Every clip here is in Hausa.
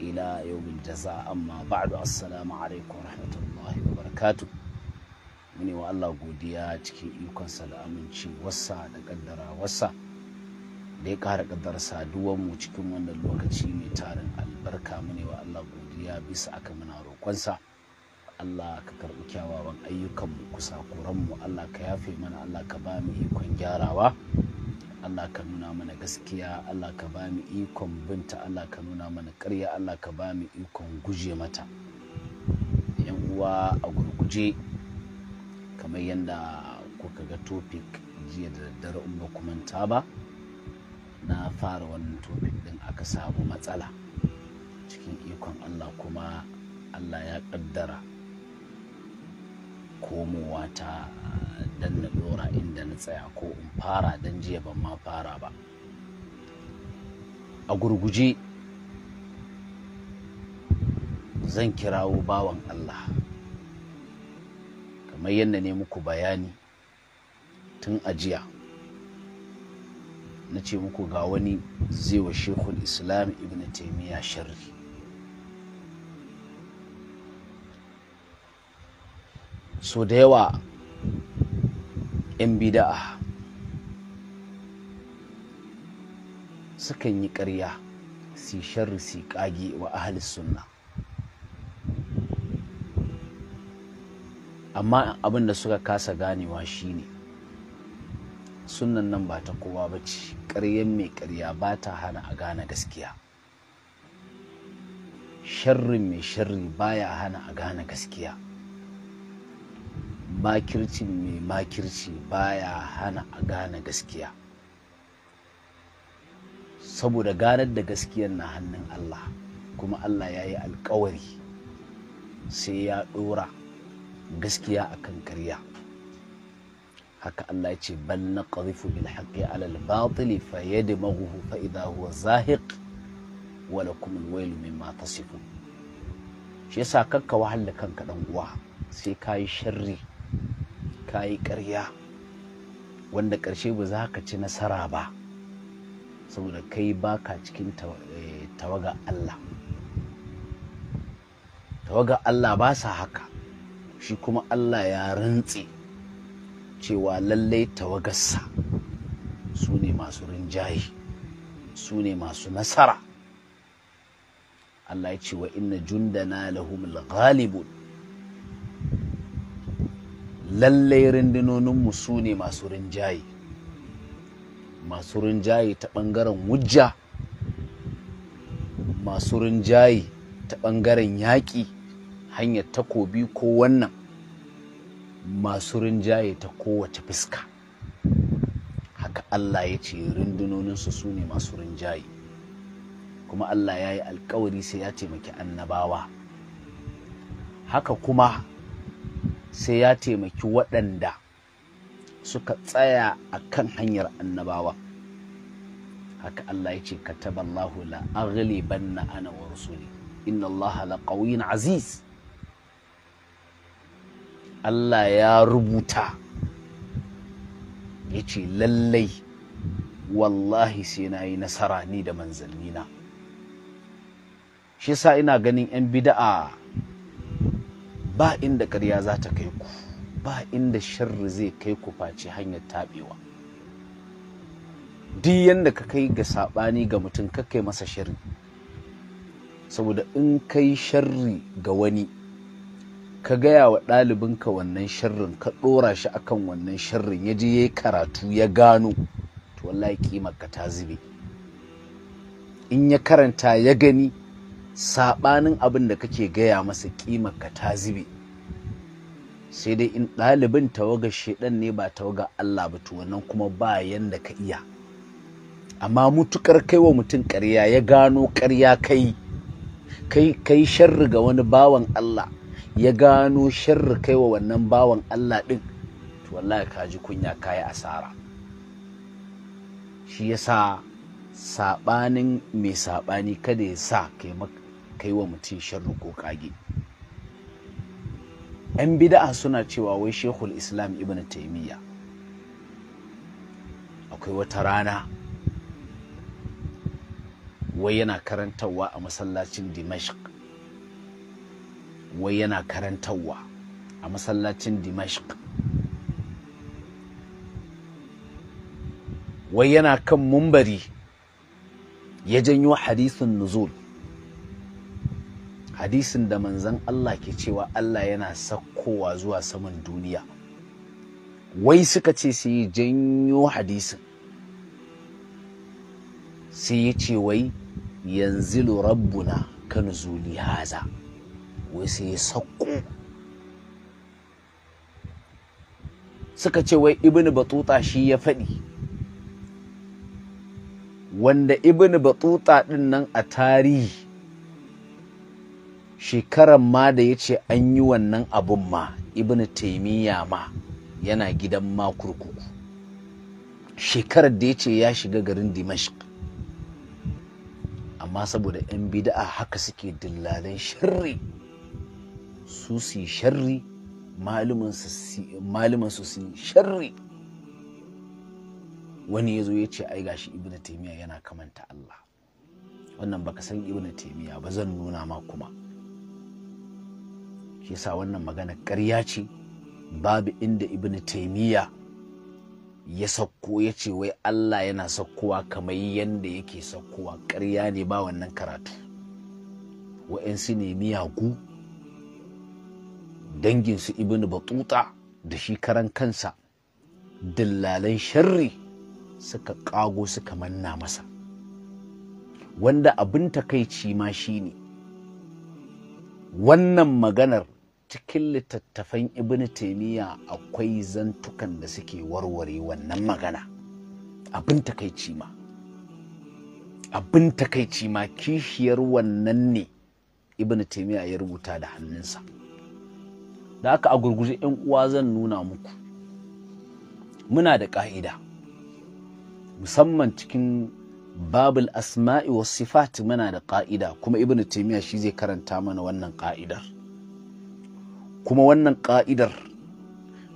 ila yawmin jaza amma baadu assalamu alaikum wa barakatu. mune wa Allah godiya cikin ikon sa da aminci wasa da kaddara wasa da ya kara kaddara saduwar mu cikin wannan lokaci mai tarin albarka mune wa Allah godiya bisa aka muna roƙonsa Allah ka karɓi kyawawan ayyukan mu kusa kuran mu Allah ka yafe mana Allah ka ba mu ikon gyarawa Allah ka nuna mana gaskiya Allah ka ba mu ikon binta Allah ka nuna mana ƙarya Allah ka ba mu ikon guje mata yan uwa a gurguje kamar yadda kuka ga topic jiya da daddare in ba kumanta ba na fara wannan topic din aka samu matsala cikin ikon Allah kuma Allah ya ƙaddara komowa ta don na dora inda na tsaya ko in fara don jiya ban ma fara ba a gurguje zan kirawo bawan Allah kamar yadda ne muku bayani tun ajiya na ce muku ga wani zai wa shekul islam ibn taimiyya sharri so da yawa 'yan bida'a sukan yi ƙarya si sharri si ƙage wa ahalis sunna amma abin da suka kasa ganewa shine sunnan nan ba ta kowa ba ce ƙaryen mai ƙarya ba ta hana a gane gaskiya sharrin mai sharri baya hana a gane gaskiya makircin mai makirci baya hana a gane gaskiya saboda ganar da gaskiyar na hannun Allah kuma Allah ya yi alkawari sai ya ɗora gaskiya akan karya haka Allah ya ce ban na ƙarfi bil haƙi alal batili fa yadda maguhu fa idha huwa zahiq wala kuma wailu mimma tasifun shi yasa kakka wahal da kanka dan uwa sai ka yi sharri Kayi yi ƙarya wanda ƙarshe ba za ka ci nasara ba saboda kai baka cikin eh, tawaga Allah tawaga Allah ba sa haka shi kuma Allah ya rantse cewa lallai tawagarsa su ne masu rinjaye su ne masu nasara Allah ya ce wa inna jundana lahumul ghalibun lallai rundunoninmu su ne masu rinjaye masu rinjaye ta ɓangaren wujja masu rinjaye ta ɓangaren yaƙi hanyar takobi ko wannan masu rinjaye ta kowace fuska haka Allah ya ce rundunoninsu su ne masu rinjaye kuma Allah ya yi alkawari sai ya taimaki annabawa haka kuma sai ya taimaki waɗanda suka tsaya a kan hanyar annabawa haka Allah ya ce kataballahu la aghlibanna ana wa rusuli inna Allah la qawiyyun aziz Allah ya rubuta ya ce lallai wallahi sai na yi nasara ni da manzannina shi sa ina ganin 'yan bida'a ba inda ƙarya za ta kai ku ba inda sharri zai kai ku face hanyar taɓewa duk yadda ka kai ga saɓani ga mutum kai masa sharri saboda in kai sharri ga wani ka gaya wa ɗalibinka wannan sharrin ka ɗora shi akan wannan sharrin ya je ya yi karatu ya gano to wallahi kimar ka ta zube in ya karanta ya gani saɓanin abin da kake gaya masa ƙimar ka ta zube sai dai in ɗalibin tawaga shaidan ne ba tawaga Allah ba to wannan kuma ba yanda ka iya amma mutukar kai wa mutum ƙarya ya gano ƙarya kai kai kai sharri ga wani bawan Allah ya gano sharri kai wa wannan bawan Allah din to wallahi ka ji kunya kai asara shi yasa saɓanin mai saɓani kada ya sa kai kai wa mutum sharru ko kage yan bida'a suna cewa wai shekul islam ibn taimiyya akwai wata rana wai yana karantarwa a masallacin dimashq wai yana karantarwa a masallacin dimashq wai yana kan mumbari ya janyo hadisin nuzul hadisin da manzan Allah ke cewa Allah yana sakkowa zuwa saman duniya wai suka ce su yi janyo hadisin sai ya ce wai yanzu rabbuna kan zuli haza wai sai ya sakko suka ce wai ibnu batuta shi ya faɗi wanda ibnu batuta ɗin nan a tarihi shekaran ma da ya ce an yi wannan abun ma ibn taimiyya ma yana gidan ma kurkuku shekarar da ya ce ya shiga garin dimashik amma saboda 'yan bida'a haka suke dillalan shirri, su su shirri, malumansu su shirri, wani ya zo ya ce ai gashi ibn taimiyya yana kamanta Allah wannan baka san ibn taimiyya ba zan nuna ma kuma shi yasa wannan magana ƙarya ce babu inda ibn taimiyya ya sauko. ya ce wai Allah yana saukowa kamar yadda yake saukowa ƙarya ne ba wannan karatu wa'yansu ne miyagu danginsu ibn batuta da shi karan kansa dillalan sharri suka ƙago suka manna masa wanda abin takaici ma shi ne wannan maganar cikin littattafan ibn taimiyya akwai zantukan da suke warware wannan magana abin takaici ma abin takaici ma kishiyar wannan ne ibn taimiyya ya rubuta da hannunsa da aka a gurguje 'yan uwa zan nuna muku muna da ƙa'ida musamman cikin babul asma'i wasu sifati muna da ƙa'ida kuma ibn taimiyya shi zai karanta mana wannan ƙa'idar kuma wannan ƙa'idar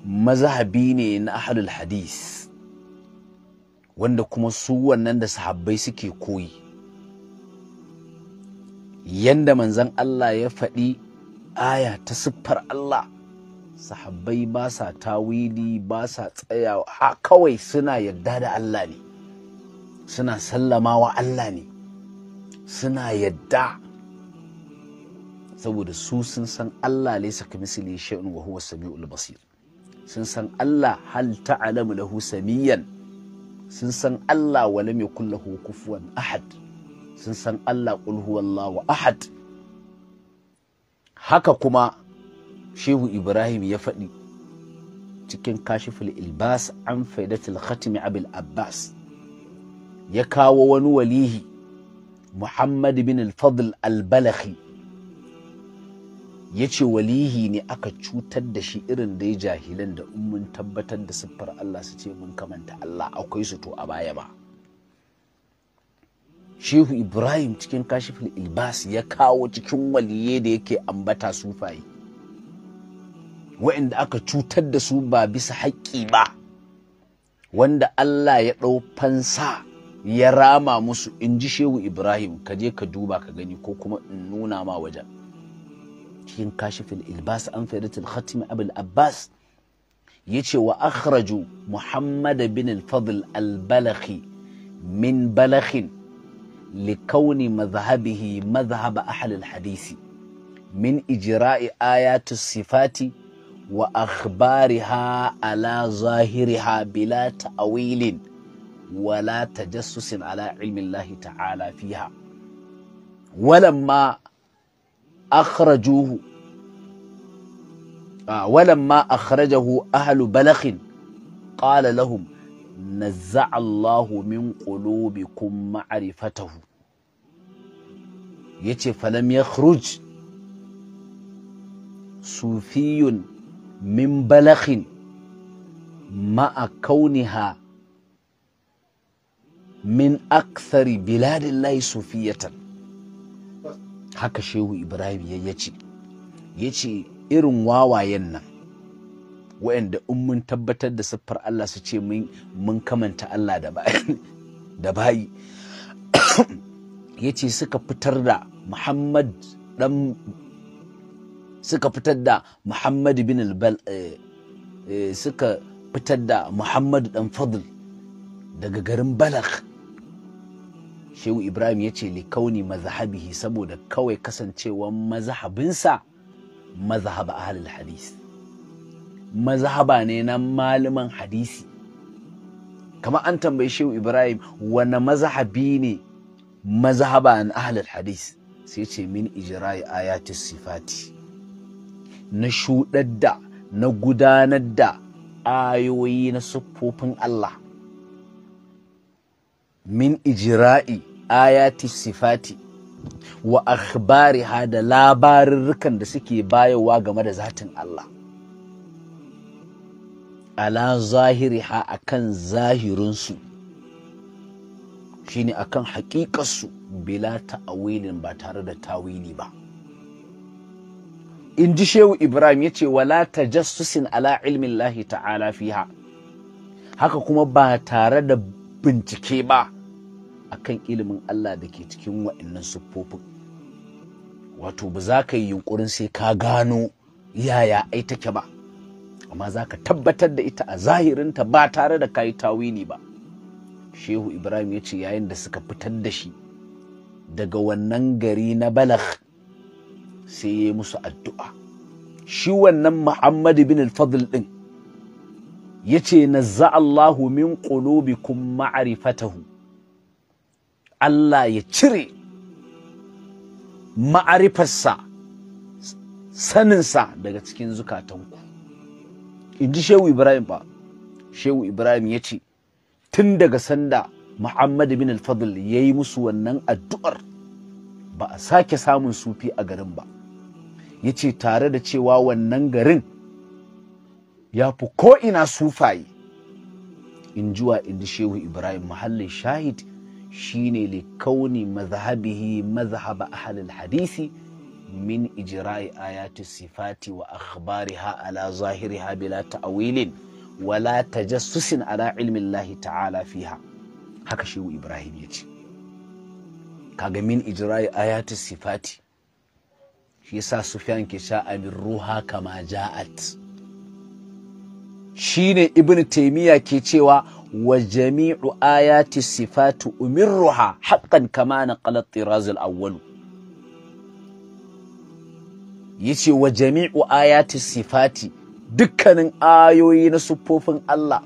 mazahabi ne na ahlul hadis wanda kuma su wannan da sahabbai suke koyi yanda manzan Allah ya faɗi aya ta siffar Allah sahabbai ba sa tawili ba sa tsayawa ha kawai suna yarda da Allah ne suna sallamawa Allah ne suna yadda saboda su sun san Allah laysa kamithlihi shay'un wa huwa samiul basir sun san Allah hal ta'lamu lahu samiyan sun san Allah wa lam yakul lahu kufuwan ahad sun san Allah qul huwallahu ahad haka kuma shehu ibrahim ya faɗi cikin kashiful ilbas an faidatul khatimi abil abbas ya kawo wani walihi muhammad bin al-fadl al-balakhi ya ce walihi ne aka cutar da shi irin da ya jahilan da in mun tabbatar da siffar Allah su ce mun kamanta Allah akwai su to a baya ba shehu ibrahim cikin kashifin ilbas ya kawo cikin waliye da yake ambata sufaye wa'inda aka cutar da su ba bisa haƙƙi ba wanda Allah ya ɗau fansa ya rama musu in ji shehu ibrahim ka je ka duba ka gani ko kuma in nuna ma wajen cikin kashifin ilbas an faidatul khatim abul abbas yace wa akhraju muhammad bin al-fadl al-balakhi min balakhin لكون مذهبه مذهب أهل الحديث من إجراء آيات الصفات وأخبارها على ظاهرها بلا تأويل ولا تجسس على علم الله تعالى فيها ولما أخرجوه آه، ولما أخرجه أهل بلخ قال لهم نزع الله من قلوبكم معرفته يتي فلم يخرج صوفي من بلخ مع كونها من أكثر بلاد الله صوفية haka shehu ibrahim ya ce ya ce irin wawayen nan wa'anda in mun tabbatar da siffar allah su ce mun kamanta allah da bayi ya ce suka fitar da muhammad dan suka fitar da muhammad bin albal eh, eh, suka fitar da muhammad dan fadl daga garin balak shehu ibrahim ya ce likauni mazhabihi saboda kawai kasancewan mazhabinsa mazhaba ahlul hadis mazhaba ne na malaman hadisi kama an tambayi shehu ibrahim wani mazhabi ne mazhaba na ahlul hadis sai ce min ijra'i ayati sifati na shuɗar da na gudanar da ayoyi na siffofin Allah min ijira'i ayati sifati wa akhbariha da labarurrukan da suke bayowa game da zatin Allah ala zahiriha akan zahirinsu shine akan haƙiƙarsu bila ta'awilin ba tare da tawili ba in ji shehu ibrahim ya ce wala tajassusin ala ilmin ta'ala fiha haka kuma ba tare da bincike ba akan ilimin Allah da ke cikin wa'annan siffofin wato ba za ka yi yunkurin sai ka gano yaya ai take ba amma za ka tabbatar da ita a zahirinta ba tare da kayi tawini ba shehu ibrahim ya ce yayin da suka fitar da shi daga wannan gari na balagh sai ya yi musu addu'a shi wannan muhammad bin al-fadl din yace nazza Allahu min qulubikum ma'rifatahu Allah ya cire ma'arifarsa saninsa daga cikin zukatanku in ji shehu ibrahim ba shehu ibrahim ya ce tun daga sanda muhammad bin al-fadl ya yi musu wannan addu'ar ba a sake samun sufi a garin ba ya ce tare da cewa wannan garin ya fi ina sufaye in juwa inda shehu ibrahim muhallin shahid shine li kauni mazhabihi mazhaba ahlil hadisi min ijra'i ayati sifati wa ha ala zahiri ha bila ta'awilin wala tajassusin ala ilmin lahi ta'ala fiha haka shehu ibrahim ya ce kaga min ijra'i ayati sifati shi yasa sufyan ke sha abin ruha kama ja'at shine ibn taimiyya ke cewa wa jami'u ayati sifatu umirruha haqqan kama na qalat tiraz al-awwal yace wa jami'u ayati sifati dukkanin ayoyi na siffofin Allah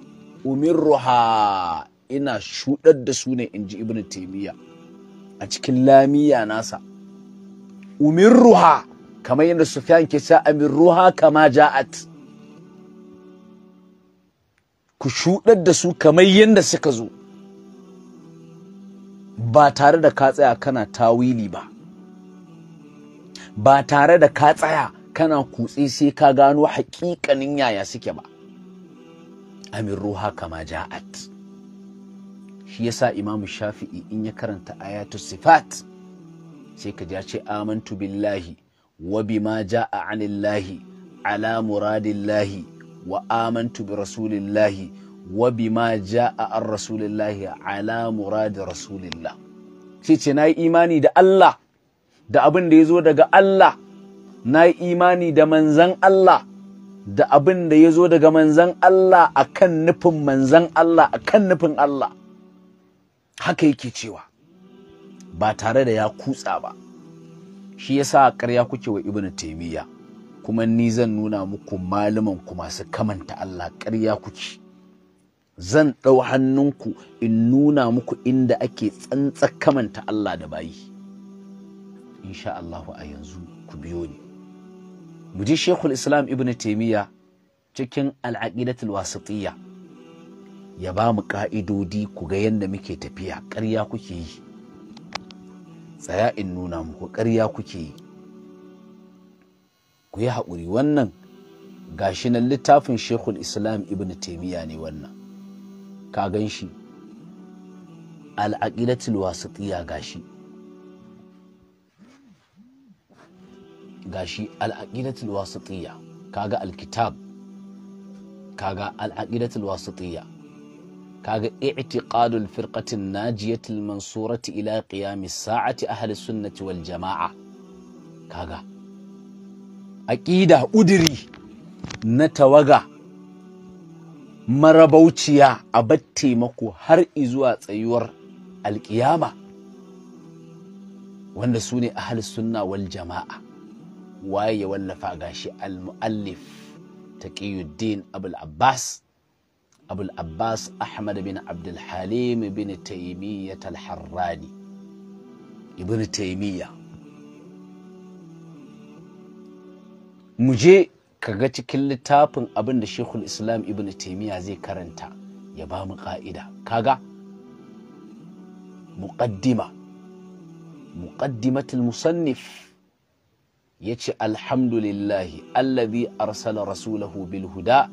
umirruha ina shuɗar da su ne inji ibn taimiyya a cikin lamiya nasa umirruha kamar yadda sufyan ke sa amirruha kama ja'at ku shuɗar da su kamar yadda suka zo ba tare da ka tsaya kana tawili ba ba tare da ka tsaya kana kutse sai ka gano haƙiƙanin yaya suke ba amin ruha kama ja'at shi yasa Imam shafi'i in ya karanta ayatu sifat sai ka ja ce amantu billahi wa bima ja'a anillahi ala muradillahi wa amantu bi rasulillahi wa bima ja'a an rasulillahi ala muradi rasulillah shi ce na yi imani da Allah da abin da ya zo daga Allah na yi imani da manzan Allah da abin da ya zo daga manzan Allah akan nufin manzan Allah akan nufin Allah haka yake cewa ba tare da ya kutsa ba shi yasa ƙarya kuke wa ibnu taimiyya kuma ni zan nuna muku malaman ku masu kamanta Allah ƙarya kuke zan ɗau hannunku in nuna muku inda ake tsantsa kamanta Allah da bayi insha Allahu a yanzu ku biyo ni mu ji Sheikhul Islam Ibn Taymiyyah cikin Al-Aqidatul Wasitiyya ya ba mu ka'idodi ku ga yadda muke tafiya ƙarya kuke yi tsaya in nuna muku ƙarya kuke yi ku yi haƙuri wannan gashi nan littafin shekul islam ibn taimiyya ne wannan ka gan shi ɗiya wasitiya gashi gashi al'aƙidatul wasitiya kaga alkitab kaga al'aƙidatul wasitiya kaga i'tiqadul firqatin najiyatul mansurati ila qiyamis sa'ati ahli sunnati wal jama'a kaga aƙida udiri na tawaga marabauciya a bat taimako har izuwa tsayuwar alƙiyama wanda sune ne ahal sunna wal jama'a waye ya wallafa gashi al-mu'allif taqiyuddin abul abbas abul abbas ahmad bin abdul halim bin taymiyyah al-harrani ibnu taymiyyah mu je kaga cikin littafin abin da shekul islam ibn taimiyya zai karanta ya ba mu ka'ida kaga muqaddima muqaddimatul musannif yace alhamdulillahi allazi arsala rasulahu bil huda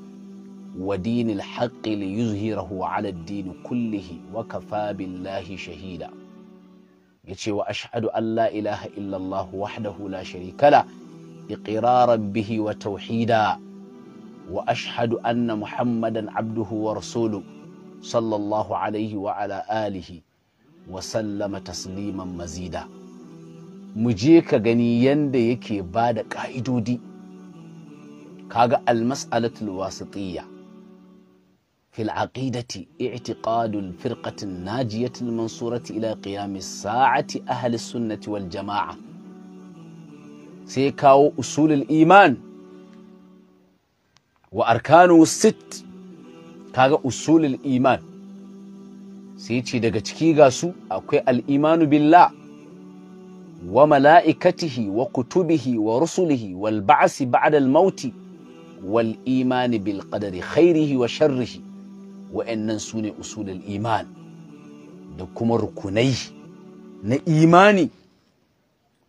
wa dinil haqqi li yuzhirahu ala ad-din kullihi wa kafa billahi shahida yace wa ashhadu an la ilaha illallah wahdahu la sharika إقرارا به وتوحيدا وأشهد أن محمدا عبده ورسوله صلى الله عليه وعلى آله وسلم تسليما مزيدا مجيك غنيان يند يكي بعد قائدو دي كاغا المسألة الواسطية في العقيدة اعتقاد الفرقة الناجية المنصورة إلى قيام الساعة أهل السنة والجماعة sai kawo usulul iman wa arkanu sit kaga usulul iman sai ce daga ciki ga su akwai al'imanu billah wa mala'ikatihi wa kutubihi wa rusulihi wal ba'asi ba'da al-mauti wal imani bil qadari khairihi wa sharrihi wa'annan su ne usulul iman da kuma rukunai na imani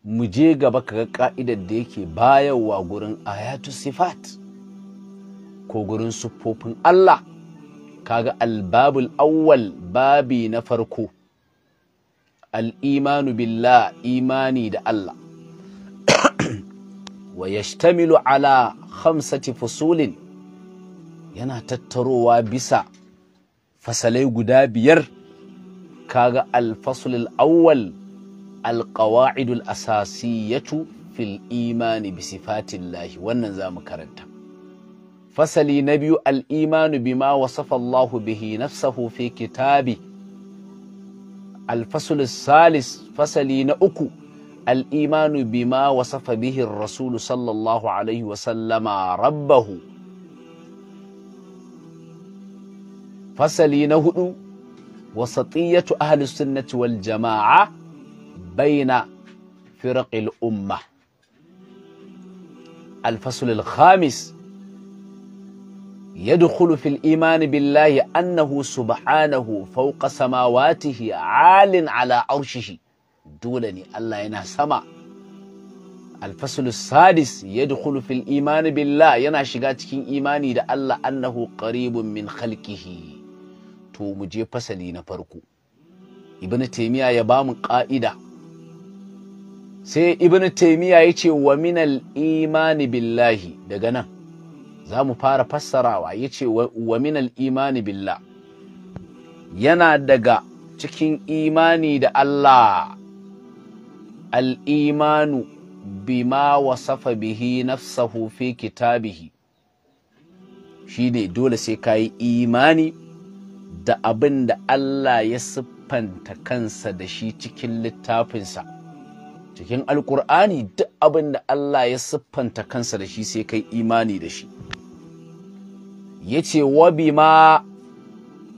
mu je gaba ka ga ka'idar da yake bayarwa gurin ayatu sifat ko gurin siffofin Allah kaga albabul awwal babi na farko al'imanu billah imani da Allah wa yashtamilu ala khamsati fusulin yana tattarowa bisa fasalai guda biyar kaga alfasulul awwal القواعد الأساسية في الإيمان بصفات الله والنزام كرتا فسلي نبي الإيمان بما وصف الله به نفسه في كتابه الفصل الثالث فسلي نأكو الإيمان بما وصف به الرسول صلى الله عليه وسلم ربه فسلي نهدو وسطية أهل السنة والجماعة بين فرق الأمة الفصل الخامس يدخل في الإيمان بالله أنه سبحانه فوق سماواته عال على عرشه دولني الله ينا سما الفصل السادس يدخل في الإيمان بالله ينا شغاتكين إيماني دا الله أنه قريب من خلقه تو مجيب فسلين فرقو ابن تيمية يبام قائدة sai ibn taimiyya ya ce wa minal imani billahi daga nan za mu fara fassarawa ya ce wa minal imani billah yana daga cikin imani da Allah al'imanu bima wasafa bihi nafsahu fi kitabihi shi ne dole sai ka yi imani da abin da Allah ya siffanta kansa da shi cikin littafinsa cikin alkur'ani duk abin da Allah ya siffanta kansa da shi sai kai imani da shi ya ce wa ma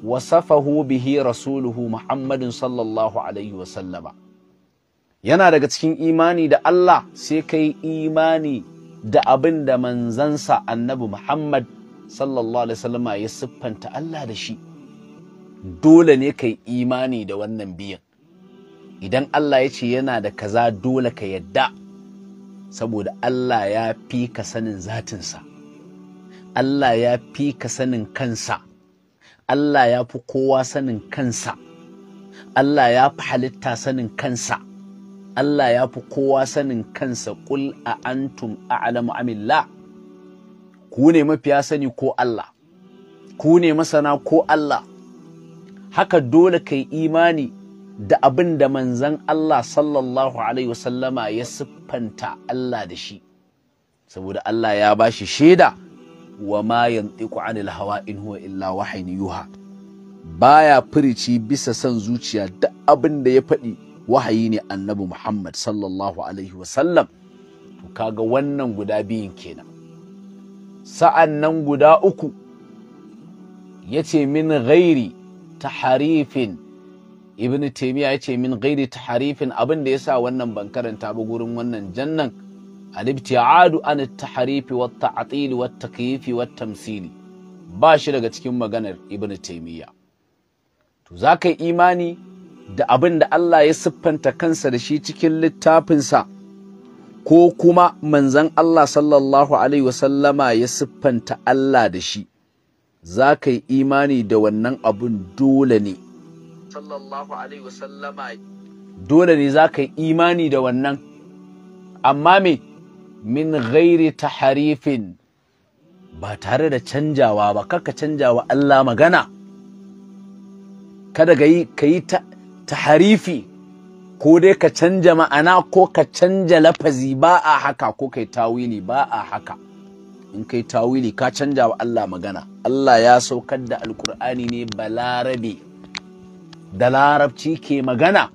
wasafahu bihi rasuluhu muhammadin sallallahu alaihi wasallama yana daga cikin imani da Allah sai kai imani da abin da manzansa annabi muhammad sallallahu alaihi wasallama ya siffanta Allah da shi dole ne kai imani da wannan biyan idan Allah ya ce yana da kaza dole ka yadda saboda Allah ya fi ka sanin zatinsa Allah ya fi ka sanin kansa Allah ya fi kowa sanin kansa Allah ya fi halitta sanin kansa Allah ya fi kowa sanin kansa Kul a antum a'lamu amillah ku ne mafiya sani ko Allah ku ne masana ko Allah haka dole kai imani da abin da manzan Allah sallallahu Alaihi wasallama ya siffanta Allah da shi, saboda Allah ya ba shi shaida wa ma yantiku anil hawa in huwa illa wahayin yuha. Baya firici bisa son zuciya da abin da ya faɗi wahayi ne annabi Muhammad sallallahu Alaihi wasallam, to kaga wannan guda biyun kenan. Sa'an nan guda uku, ya ce min ghairi ta harifin ibn taymiya ya ce min ghairi taharifin abin da ya sa wannan ban karanta ba gurin wannan jannan al-ibtiadu an at-tahrif wa at-ta'til wa at-takyif wa ba shi daga cikin maganar ibn taymiya to zakai yi imani da abin da Allah ya siffanta kansa da shi cikin littafinsa ko kuma manzon Allah sallallahu alaihi wasallama ya siffanta Allah da shi za yi imani da wannan abun dole ne sallallahu alaihi wasallama dole ne za ka yi imani da wannan amma me min ghairi taharifin ba tare da canjawa ba kaka canjawa Allah magana kada ka yi ka yi taharifi ko dai ka canja ma'ana ko ka canja lafazi ba a haka ko kai tawili ba a haka in kai tawili ka canja wa Allah magana Allah ya saukar da alkur'ani ne balarabe da larabci ke magana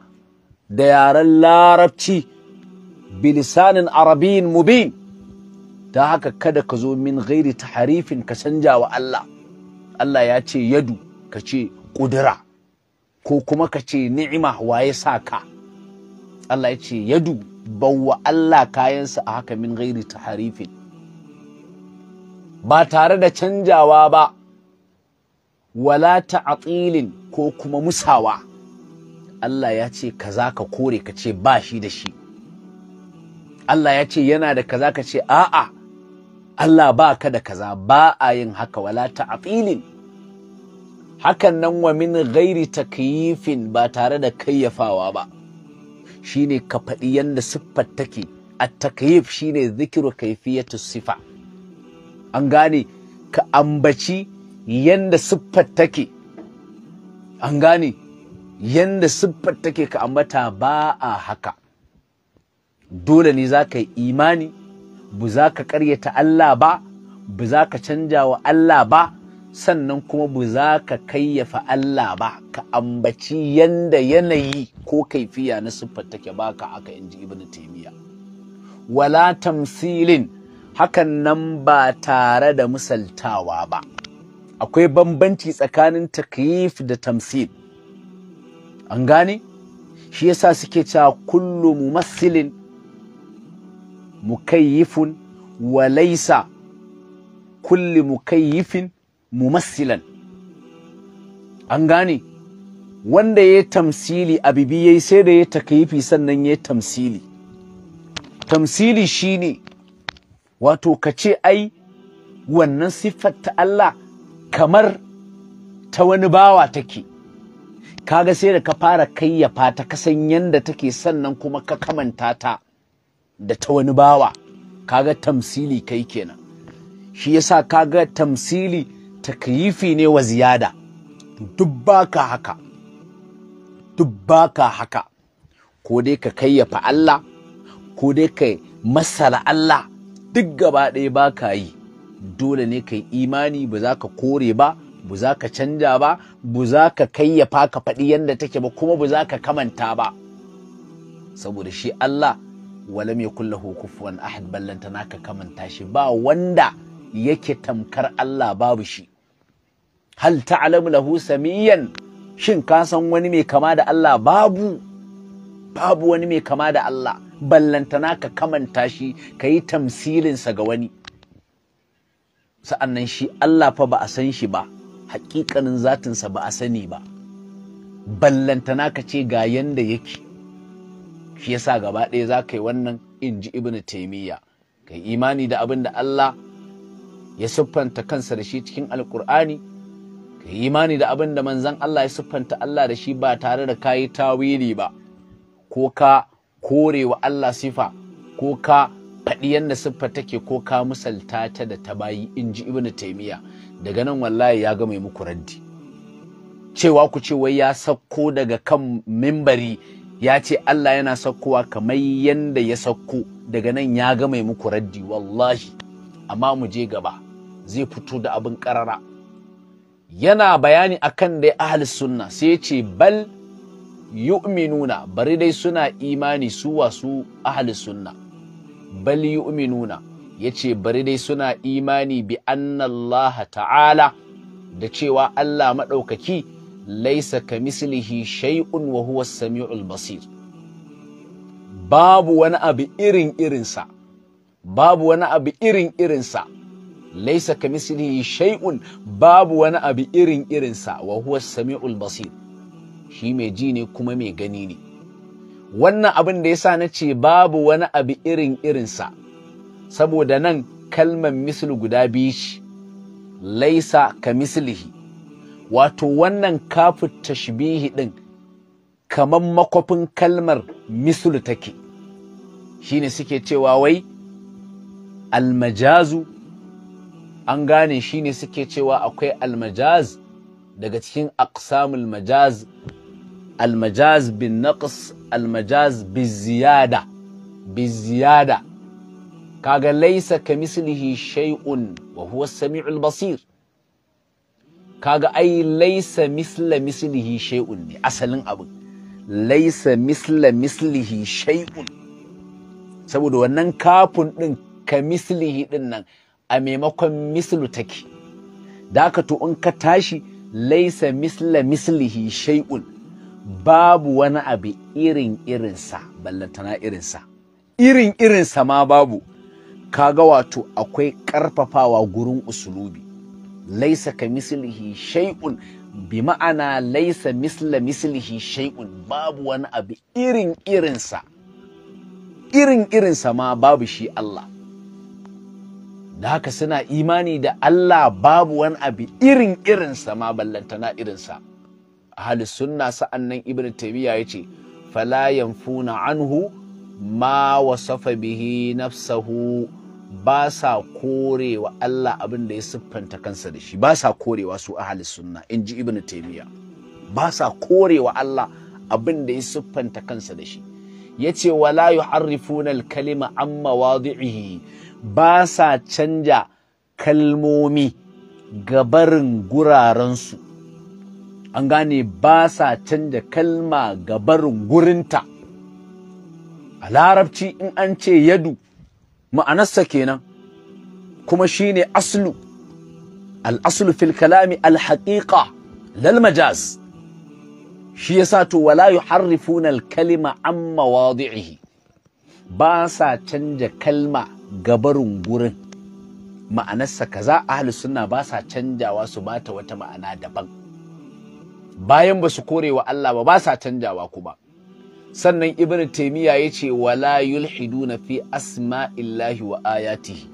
da yaren larabci bilisanin arabiyin mubin ta haka kada ka zo min gairi ta harifin ka canja wa Allah Allah ya ce yadu ka ce ƙudura ko kuma ka ce ni'ima waye sa ka Allah ya ce yadu bawa Allah kayansa a haka min gairi ta harifin ba tare da canjawa ba wala ta'atilin ko kuma musawa Allah ya ce kaza ka kore ka ce ba shi da shi Allah ya ce yana da kaza ka ce a'a Allah ba ka da kaza ba a yin haka wala ta'atilin hakan nan wa min ghairi takyifin ba tare da kayyafawa ba shine ka faɗi yanda siffar take a takyif shine zikiru kayfiyatu sifa an gane ka ambaci yanda siffar take an gane yanda siffar take ka ambata ba a haka dole ne za ka yi imani bu za ka karyata Allah ba bu za ka canja wa Allah ba sannan kuma bu za ka kayyafa Allah ba ka ambaci yanda yanayi ko kaifiya na siffar take baka haka inji ibnu taymiya wala tamsilin hakan nan ba tare da misaltawa ba akwai bambanci tsakanin takyif da tamsil an gane shi yasa suke cewa kullu mumassilin mukayyifun wa laysa kulli mukayyifin mumassilan an gane wanda ya tamsili abibi yayi sai da ya takyifi sannan ya tamsili tamsili shine wato ka ce ai wannan siffar ta Allah kamar ta wani bawa take kaga sai da ka fara kayyafa ta kasan yanda take sannan kuma ka kamanta ta da ta wani bawa kaga tamsili kai kenan shi yasa kaga tamsili takyifi ne wa ziyada Duk baka haka duk baka haka ko dai ka kayyafa Allah ko dai ka masara Allah duk gaba ɗaya baka yi dole ne ka yi imani ba za ka kore ba ba za ka canja ba ba za ka kayyafa ka faɗi yadda take ba kuma ba za ka kamanta ba saboda shi Allah walam ya hukufu wani ahad ballanta naka kamanta shi ba wanda yake tamkar Allah babu shi hal ta'lamu lahu samiyan shin ka san wani mai kama da Allah babu babu wani mai kama da Allah ballanta ka kamanta shi ka yi tamsilinsa ga wani sa'annan shi Allah fa ba a san shi ba hakikanin zatinsa ba a sani ba ballantana ka ce ga yanda yake shi yasa gaba ɗaya za ka yi wannan in ji ibn taimiyya ka yi imani da abin da Allah ya siffanta kansa da shi cikin alkur'ani ka yi imani da abin da manzan Allah ya siffanta Allah da shi ba tare da kayi tawili ba ko ka kore Allah sifa ko ka faɗi yadda siffa take ko ka misalta ta da ta bayi in ji ibn taimiya daga nan wallahi ya ga mai muku raddi cewa ku ce wai ya sakko daga kan mimbari ya ce Allah yana sakkowa kamar yadda ya sakko daga nan ya ga mai muku raddi wallahi amma mu je gaba zai fito da abin karara yana bayani akan dai ahli sunna sai ya ce bal yu'minuna bari dai suna imani su wasu ahli sunna bal yu'minuna yace bari dai suna imani bi Allah ta'ala da cewa Allah maɗaukaki laisa ka mislihi shay'un wa huwa samiul basir babu wani abu irin irinsa babu wani abu irin irinsa laisa ka mislihi shay'un babu wani abu irin irinsa wa huwa samiul basir shi mai ji ne kuma mai gani ne wannan abin da ya sa na ce babu wani abu irin irinsa saboda nan kalmar misli guda biyu shi laisa ka mislihi wato wannan kafin tashbihi ɗin kamar makwafin kalmar mislu take shine suke cewa wai almajazu an gane shine suke cewa akwai almajaz daga cikin aksamul majaz almajaz bin naqs almajaz biziyada biziyada kaga laisa ka mislihi shay'un wa huwa samiul basir kaga ai laisa misla mislihi shay'un ne asalin abin laisa misla mislihi shay'un saboda wannan kafun ɗin ka mislihi din nan a maimakon mislu take da haka to in ka tashi laisa misla mislihi shay'un babu wani abu irin irinsa ballantana irinsa irin irinsa ma babu kaga wato akwai ƙarfafawa gurin usulubi laisa ka mislihi shay'un bi ma'ana laisa misla mislihi shay'un babu wani abu irin irinsa irin irinsa ma babu shi Allah da haka suna imani da Allah babu wani abu irin irinsa ma ballantana irinsa ahli sunna sa'annan ibn taymiya yace fala yanfuna anhu ma wasafa bihi nafsahu ba sa korewa Allah abin da ya siffanta kansa da shi ba sa korewa su ahli sunna in ji ibn taymiya ba sa korewa Allah abin da ya siffanta kansa da shi yace wala yuharrifuna al-kalima an mawadi'ihi ba sa canja kalmomi gabarin gurarensu an gane ba sa canja kalma ga barin gurinta a larabci in an ce yadu ma'anarsa kenan kuma shine aslu al-aslu fil kalami al-haqiqa lal majaz shi yasa to wala yuharrifuna al-kalima an mawadi'ihi ba sa canja kalma gabarin gurin ma'anarsa kaza ahlus suna ba sa canjawa su bata wata ma'ana daban bayan ba su kore wa Allah ba ba sa canjawa kuma sannan ibn taymiya yace wala yulhiduna fi asma'illahi wa ayatihi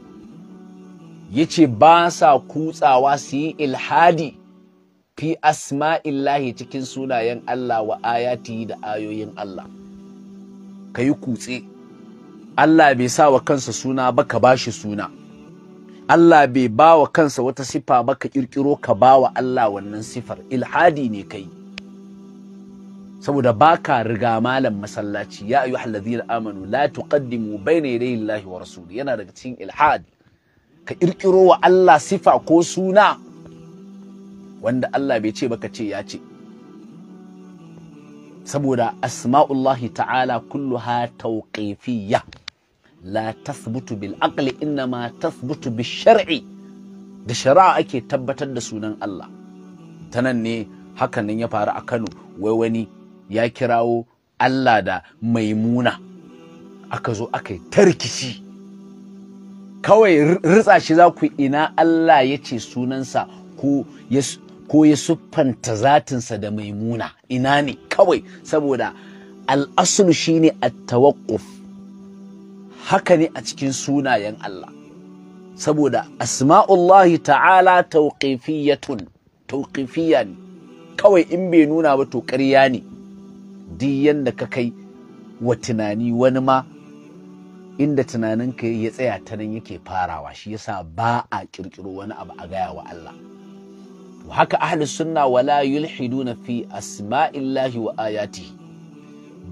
yace ba sa kutsawa su yi ilhadi fi asma'illahi cikin sunayen Allah wa ayatihi da ayoyin Allah kayi kutse Allah bai sa wa kansa suna ba ka bashi suna Allah bai ba wa kansa wata sifa ba ka ƙirƙiro ka ba wa Allah wannan sifar ilhadi ne kai saboda ba ka riga malam masallaci ya ayu halazina amanu la tuqaddimu bayna yadayi wa rasuli yana daga cikin ilhad ka ƙirƙiro wa Allah sifa ko suna wanda Allah bai ce ba ka ce ya ce saboda asma'ullahi ta'ala kulluha tauqifiyya la tasbutu bil aqli inna ma tasbutu bil shar'i da shari'a ake tabbatar da sunan Allah ta nan ne nan ya faru a Kano wai wani ya kirawo Allah da maimuna aka zo aka yi tarkici kawai ritsa shi za ku ina Allah ya ce sunansa ko ko ya siffanta zatinsa da maimuna ina ne kawai saboda al al'asulu shine at-tawaqquf haka ne a cikin sunayen Allah saboda asma'ullahi ta'ala tauqifiyatun tauqifiyan kawai in bai nuna ba to ƙarya ne duk yanda ka kai wa tunani wani ma inda tunaninka ya tsaya ta nan yake farawa shi yasa ba a ƙirƙiro wani abu a gaya wa Allah to haka ahli sunna wala yulhiduna fi asma'illahi wa ayati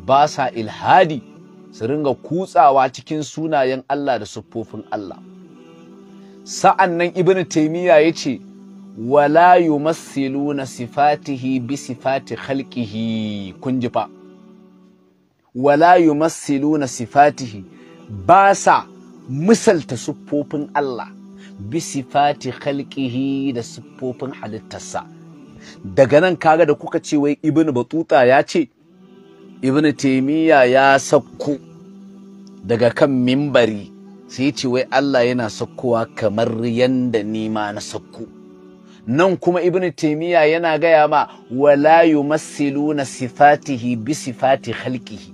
ba sa ilhadi su ringa kutsawa cikin sunayen Allah da siffofin Allah Sa'annan nan ibn taimiyya ya ce wala yumassiluna sifatihi bi sifati khalqihi kun ji fa wala yumassiluna sifatihi ba sa misalta siffofin Allah bi sifati khalqihi da siffofin halittarsa daga nan kaga da kuka ce wai ibn batuta ya ce ibn taimiyya ya sakko daga kan mimbari sai ce wai Allah yana sakkowa kamar yanda nima na sakko nan kuma ibn taimiyya yana gaya ma wala yumassiluna sifatihi bi sifati khalqihi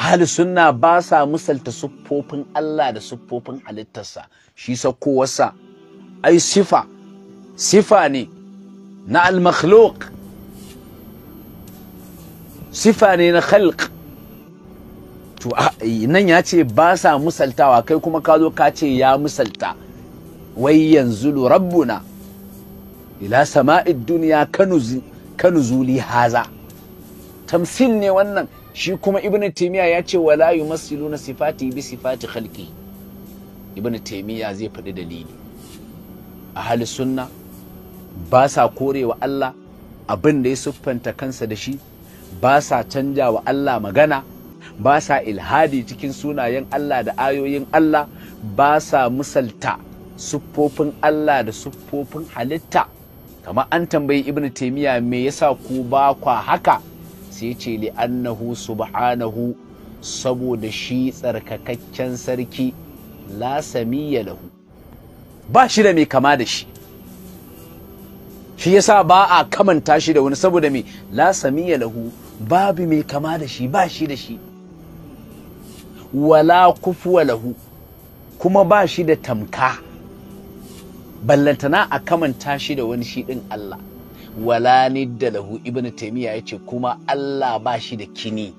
ahli sunna ba sa misalta siffofin Allah da siffofin halittarsa shi sakkowarsa ai sifa sifa ne na al-makhluq sifa ne na khalq to nan ya ce ba sa musaltawa kai kuma ka zo ka ce ya musalta wai yanzu rabbuna ila sama'id duniya kanu zuli haza tamsil ne wannan shi kuma ibn taymiya ya ce wala yumassiluna sifati bi sifati khalqi ibn taymiya zai faɗi dalili ahli sunna ba sa korewa Allah abin da ya siffanta kansa da shi ba sa canja wa Allah magana ba sa ilhadi cikin sunayen Allah da ayoyin Allah ba sa misalta siffofin Allah da siffofin halitta kamar an tambayi ibnu taimiyya me yasa ku ba kwa haka sai ce annahu subhanahu saboda shi tsarkakakken sarki la samiyya lahu ba shi da mai kama da shi shi yasa ba a kamanta shi da wani saboda mai la samiyya lahu babu mai kama da shi ba shi da shi wala kufuwa lahu kuma ba shi da tamka ballantana a kamanta shi da wani shi ɗin Allah wala da lahu ibnu taymiya yace kuma Allah ba shi da kini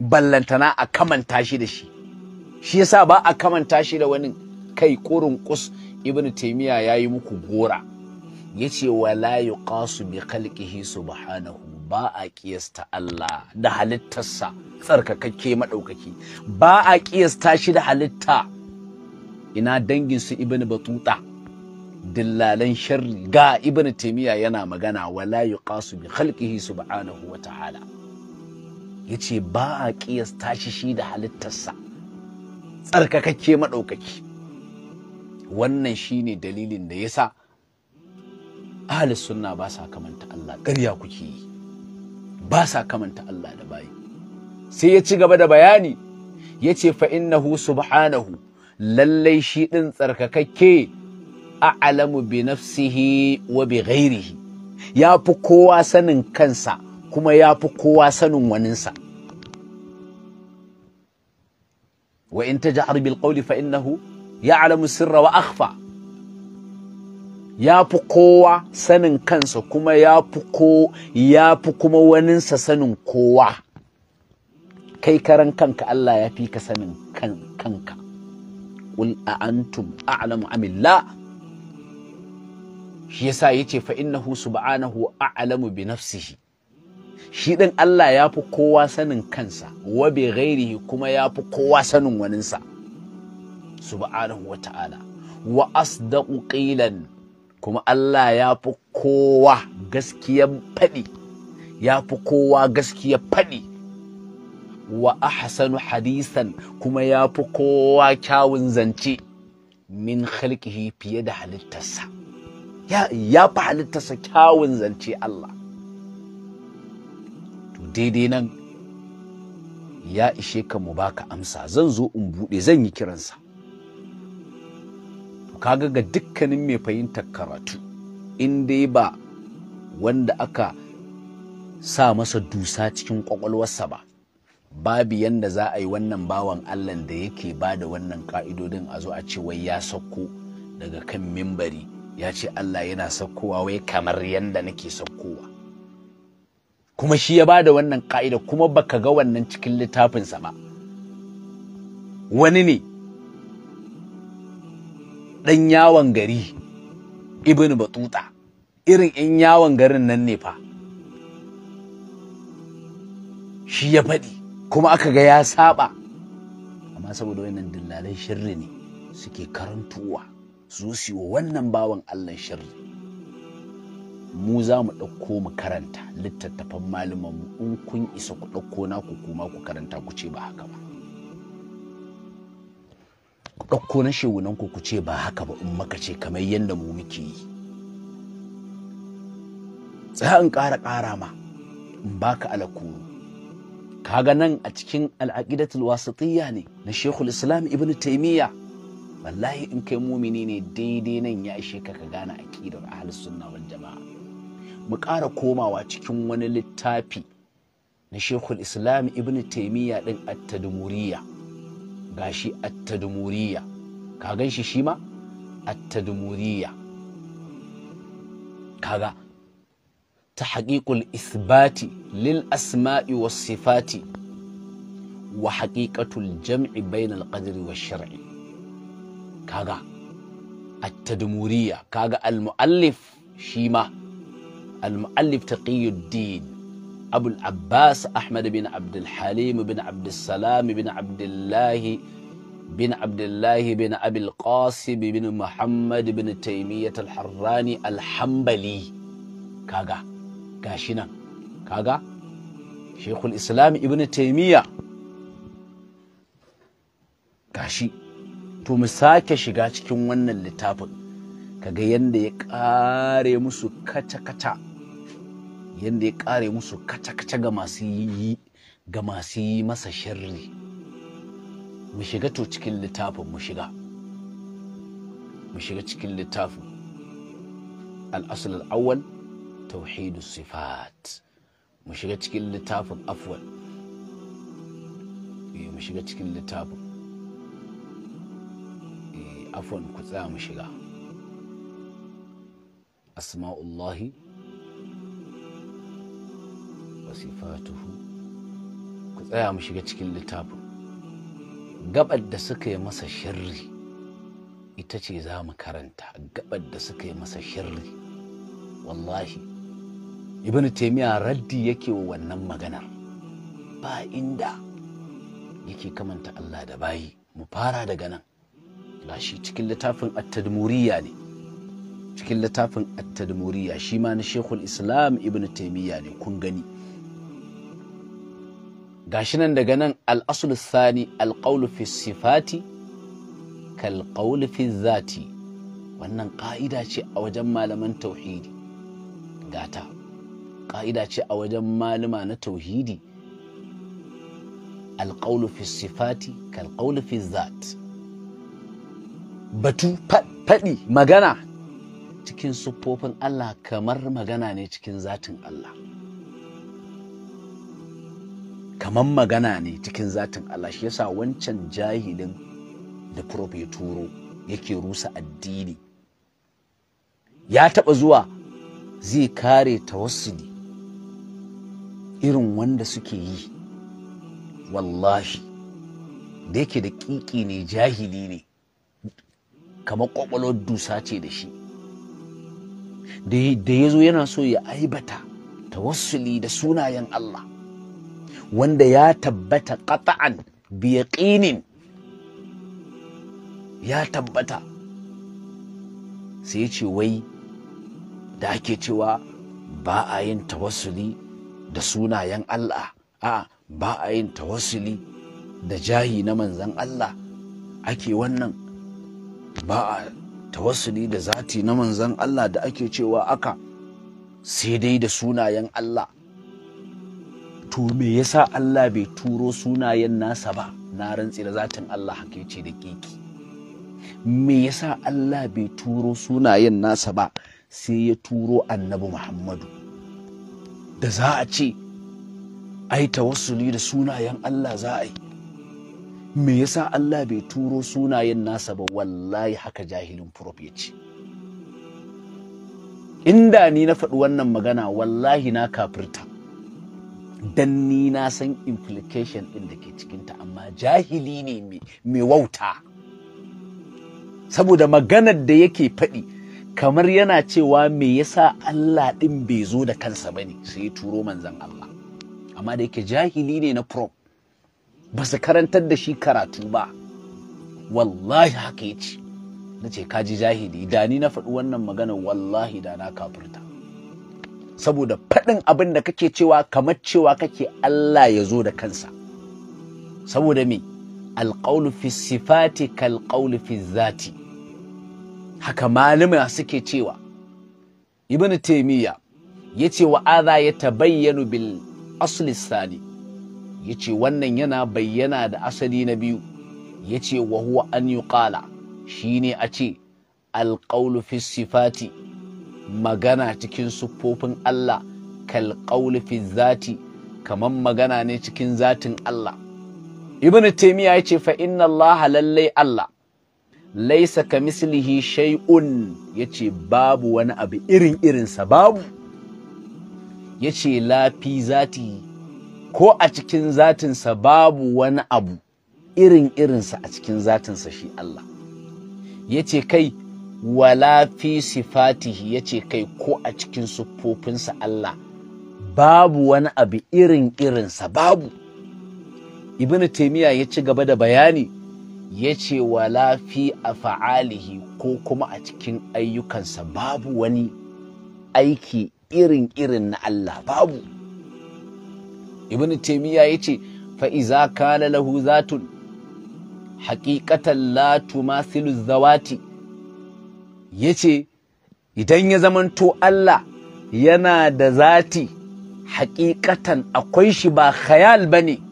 ballantana a kamanta shi da shi shi yasa ba a kamanta shi da wani kai kurin kus ibnu taymiya yayi muku gora yace wala yuqasu bi khalqihi subhanahu ba a kiyasta Allah da halittarsa tsarkakakke maɗaukaki ba a kiyasta shi da halitta ina dangin su ibn batuta dillalan sharri ga ibn taimiyya yana magana wala kasu bi khalqihi subhanahu wa ta'ala yace ba a kiyasta shi shi da halittarsa tsarkakakke maɗaukaki wannan shi ne dalilin da yasa ahli sunna ba sa kamanta Allah ƙarya kuke yi ba sa kamanta Allah da bayi sai ya ci gaba da bayani ya ce fa innahu subhanahu lallai shi ɗin tsarkakakke a'lamu bi nafsihi wa bi ghairihi ya fi kowa sanin kansa kuma ya fi kowa sanin waninsa wa in ji harbi qawli fa innahu ya'lamu sirra wa akhfa ya fi kowa sanin kansa kuma ya fi ko ya fi kuma waninsa sanin kowa kai karan kanka Allah ya fi ka sanin kanka qul a antum a'lamu amillah shi yasa ce fa innahu subhanahu a'lamu bi nafsihi shi din Allah ya fi kowa sanin kansa wa bi ghairihi kuma ya fi kowa sanin waninsa subhanahu wa ta'ala wa asdaqu qilan kuma Allah ya fi kowa gaskiyar faɗi ya fi kowa gaskiyar faɗi wa ahsanu hadisan kuma ya fi kowa kyawun zance min khalqihi fiye da halittarsa ya fi halittarsa kyawun zance Allah to daidai nan ya ishe ka mu baka amsa zan zo in buɗe zan yi kiransa Ka ga dukkanin mai fahimtar karatu in dai ba wanda aka sa masa dusa cikin kwakwalwarsa ba babu yanda za a yi wannan bawan allah da yake ba da wannan ka'idodin a zo a ce wai ya sauko daga kan mimbari ya ce allah yana saukowa wai kamar yanda nake saukowa kuma shi ya ba da wannan ka'ida kuma baka ga wannan cikin littafinsa ba wani ne ɗan yawon gari ibn batuta irin 'yan yawon garin nan ne fa shi ya faɗi kuma aka ga ya saba amma saboda wannan dillalai shirri ne suke karantuwa su su wannan bawan allah shirri mu za mu ɗauko mu karanta littattafan mu, in kun isa ku ɗauko naku kuma ku karanta ku ce ba haka ba ku ɗauko na shewunan ku ku ce ba haka ba in maka ce kamar yadda mu muke yi sai in ƙara ƙara ma in baka Ka kaga nan a cikin al'aqidatul wasatiyya ne na shekul islam ibn taimiyya wallahi in kai mumini ne daidai nan ya ishe ka ka gane aqidar ahlus sunna wal jama'a mu ƙara komawa cikin wani littafi na shekul islam ibn taimiyya din at-tadmuriyya gashi at-tadmuriyya ka ganshi shi ma at-tadmuriyya kaga ta haƙiƙul isbati lil asma'i was sifati wa haqiqatul jam'i bainal qadri wa shar'i kaga at-tadmuriyya kaga al-muallif shi ma al-muallif taqiyuddin abul abbas ahmad bin abdulhalim bin abdulsalam bin abdullahi bin abdullahi bin abil bin muhammad bin taimiyyat al-harrani al-hambali kaga gashi nan kaga shekul ibn taimiyya gashi to mu sake shiga cikin wannan littafin kaga yanda ya ƙare musu kata-kata yadda ya kare musu kaca-kaca ga masu yi ga masu yi masa shirri mu shiga to cikin littafin mu shiga mu shiga cikin littafin al'asul al'awwal tauhidu sifat mu shiga cikin littafin afwal eh, mu shiga cikin littafin eh, afwan ku tsaya mu shiga asma'ullahi wa sifatuhu ku tsaya mu shiga cikin littafin gabar da suka yi masa shirri ita ce za mu karanta gabar da suka yi masa shirri wallahi ibn taimiya raddi yake wannan maganar ba inda yake kamanta Allah da bayi mu fara daga nan Lashi cikin littafin at-tadmuriyya ne cikin littafin at-tadmuriyya shi ma na Sheikhul Islam Ibn taimiyya ne kun gani gashi nan daga nan al'asul sani alƙaulu fi sifati kalƙaulu fi zati wannan ƙa'ida ce a wajen malaman tauhidi gata ƙa'ida ce a wajen malama na tauhidi alƙaulu fi sifati kalƙaulu fi zati. batu faɗi magana cikin siffofin Allah kamar magana ne cikin zatin Allah kamar magana ne cikin zatin Allah shi yasa wancan jahilin da prof ya turo yake rusa addini ya taɓa zuwa zai kare tawassuli irin wanda suke yi wallahi da yake da ƙiƙi ne jahili ne kamar ƙwaƙwalwar dusa ce da shi da ya zo yana so ya aibata tawassuli da sunayen Allah wanda ya tabbata qata'an biya ƙinin ya tabbata sai ce wai da ake cewa ba a yin tawasuli da sunayen Allah a ba a yin tawasuli da jahi na manzan Allah ake wannan ba a tawassuli da zati na manzan Allah da ake cewa aka sai dai da sunayen Allah to me yasa Allah bai turo sunayen nasa ba na rantsi da zatin Allah haka ce da kiki me yasa Allah bai turo sunayen nasa ba sai ya turo annabi Muhammadu da za a ce ai tawassuli da sunayen Allah za a yi me yasa Allah bai turo sunayen nasa ba wallahi haka jahilin prof ya ce inda ni na faɗi wannan magana wallahi na kafirta dan ni na san implication ɗin da ke cikinta amma jahili ne mai wauta saboda maganar da yake faɗi kamar yana cewa me yasa Allah ɗin bai zo da kansa ba sai turo manzan Allah amma da yake jahili ne na pro ba su karantar da shi karatu ba wallahi haka ya ce na ce kaji jahili da ni na faɗi wannan maganar wallahi da na kafirta saboda faɗin abin da kake cewa kamar cewa kake Allah ya zo da kansa saboda me alƙaunu fi sifati kalƙaunu fi zati haka malama suke cewa ibn taimiyya ya ce wa aza ya tabayyanu bil asli sani ya ce wannan yana bayyana da asali na biyu ya ce wa huwa an yi ƙala shi ne a ce alƙaunu fi sifati magana cikin siffofin Allah kal fi zati kamar magana ne cikin zatin Allah ibn taymiya yace fa inna Allah lallai Allah laisa ka mislihi shay'un ce babu wani abu irin irinsa babu Ya ce lafi zati ko a cikin zatinsa babu wani abu irin irinsa a cikin zatinsa shi Allah yace kai wala fi sifatihi ya ce kai ko a cikin siffofinsa Allah babu wani abu irin irinsa babu ibn taimiyya ya ci gaba da bayani ya ce wala fi a fa'alihi ko kuma a cikin ayyukansa babu wani aiki irin irin na Allah babu ibn taimiyya ya ce fa'iza kana lahu zatun haƙiƙatan la tumasilu zawati ya ce idan ya zamanto Allah yana da zati hakikatan akwai shi ba khayal ba ne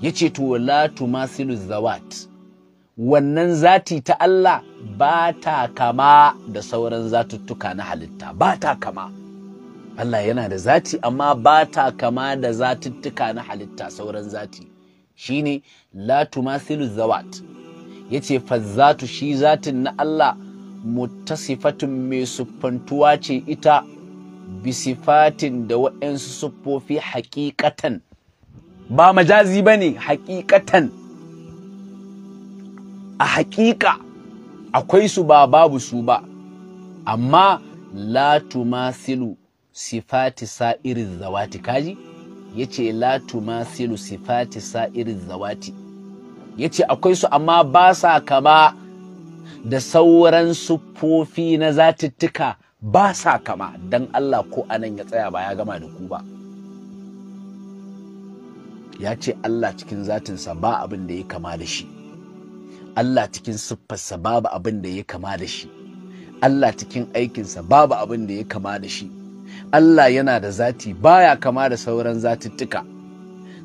ya ce to la tumasilu zawat wannan zati ta Allah ba ta kama da sauran zatuttuka na halitta ba ta kama Allah yana da zati amma ba ta kama da zatuttuka na halitta sauran zati Shi shine la tumasilu zawat yace fazzatu shi zatin na Allah mutasifatin mai siffantuwa ce ita bisifatin da waɗansu siffofi haƙiƙatan ba majazi ba ne haƙiƙatan a haƙiƙa akwai su ba babu su ba amma latu masilu sifati sa'irin zawati kaji yace latu masilu sifati sa'irin zawati ya ce akwai su amma ba sa kama da sauran siffofi na zatuttuka ba sa kama don Allah ko anan ya tsaya ba ya gama da ku ba ya ce Allah cikin zatinsa ba abin da ya kama da shi Allah cikin siffarsa babu abin da ya kama da shi Allah cikin aikinsa babu abin da ya kama da shi Allah yana da zati baya kama da sauran zatuttuka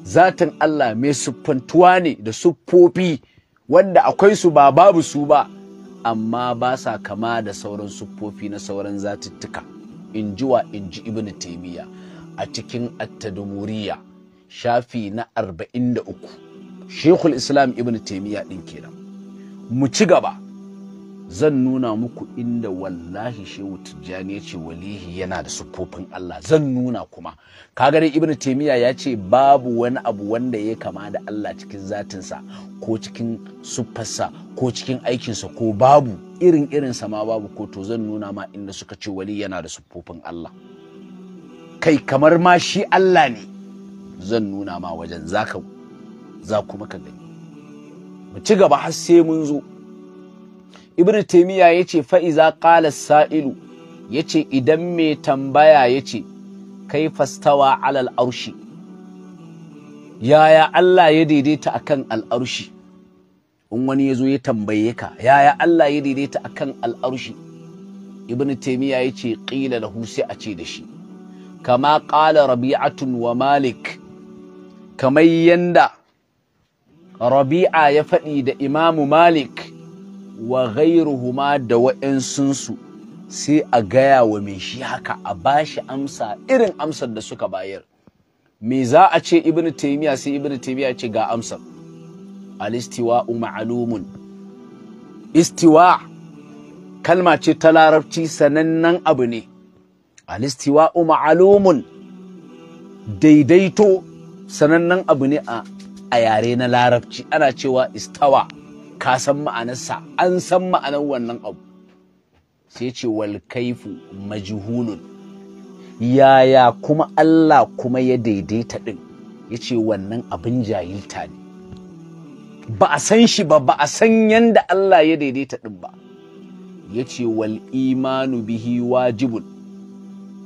zatin Allah mai siffantuwa ne da siffofi wanda akwai su ba babu su ba amma ba sa kama da sauran siffofi na sauran zatuttuka in ji wa in ji ibn taimiyya a cikin attadumuriya shafi na 43 shekul islam ibn taimiyya ɗin kenan mu ci gaba zan nuna muku inda wallahi shehu tijjani ya ce walihi yana da siffofin Allah zan nuna kuma kaga dai ibnu taymiya ya ce babu wani abu wanda ya kama da Allah cikin zatinsa ko cikin siffarsa ko cikin aikinsa ko babu irin sa ma babu ko to zan nuna ma inda suka ce wali yana da siffofin Allah kai kamar ma shi Allah ne zan nuna ma wajen za kuma ka gani mu ci gaba har sai mun zo ibn taimiyya yace fa'iza ƙala sa'ilu yace idan mai tambaya yace kai fastawa alal arshi yaya Allah ya daidaita akan al'arshi in wani ya zo ya tambaye ka yaya Allah ya daidaita akan al'arshi ibn taimiyya yace ƙila da sai a ce da shi kama ƙala rabi'atun wa malik kamar yanda rabi'a ya faɗi da imamu malik wa ghairuhuma da wa'insunsu sai a gaya wa mai shi haka a bashi amsa irin amsar da suka bayar me za a ce ibnu taymiya sai ibnu taymiya ce ga amsar alistiwa'u ma'lumun istiwa kalma ce ta larabci sanannen abu ne alistiwa'u ma'lumun daidaito sanannen abu ne a yare na larabci ana cewa istawa ka san ma'anarsa an san ma'anar wannan abu sai ce wal kaifu majhulun yaya kuma Allah kuma ya daidaita din yace wannan abin jahilta ne ba a san shi ba ba a san yanda Allah ya daidaita din ba yace wal imanu bihi wajibun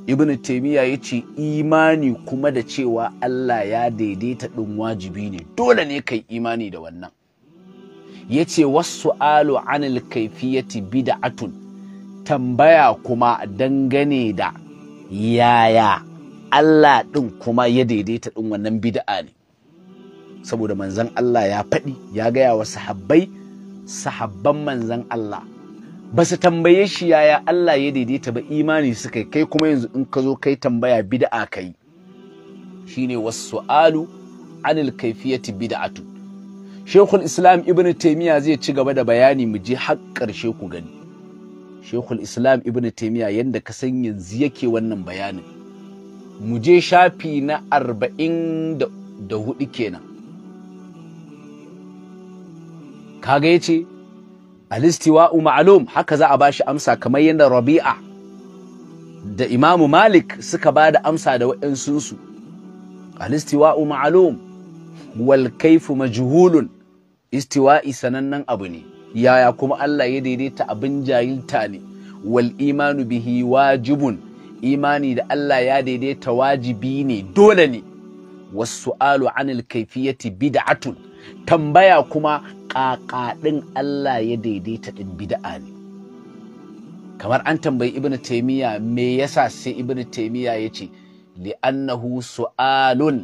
ibn taymiya yace imani kuma da cewa Allah ya daidaita din wajibi ne dole ne kai imani da wannan Ya yace was-su'alu 'anil da atun tambaya kuma dangane da yaya Allah ɗin kuma ya daidaita ɗin wannan bid'a ne saboda manzan Allah ya faɗi ya gaya wa sahabbai sahabban manzan Allah ba su tambaye shi yaya Allah ya daidaita ba imani suka kai kuma yanzu in ka zo kai tambaya bida'a kai shine was-su'alu anil da atun. shekul islam ibn Taimiyya zai ci gaba da bayani mu je har ƙarshe ku gani shekul islam ibn taimiya yadda ka san yanzu yake wannan bayanin mu je shafi na arba'in da hudu kenan kaga ya ce alistiwa'u ma'alum haka za a ba shi amsa kamar yadda rabi'a da imamu malik suka ba da amsa da waɗansunsu alistiwa'u ma'alum wal kaifu majhulun istiwa'i sanannen abu ne yaya kuma Allah ya daidaita abin jahilta ne wal imanu bihi wajibun imani da Allah ya daidaita wajibi ne dole ne wasu'alu anil kaifiyati bid'atun tambaya kuma kakadin Allah ya daidaita din bid'a ne kamar an tambayi ibnu taymiya me yasa sai ibnu ya ce li'annahu su'alun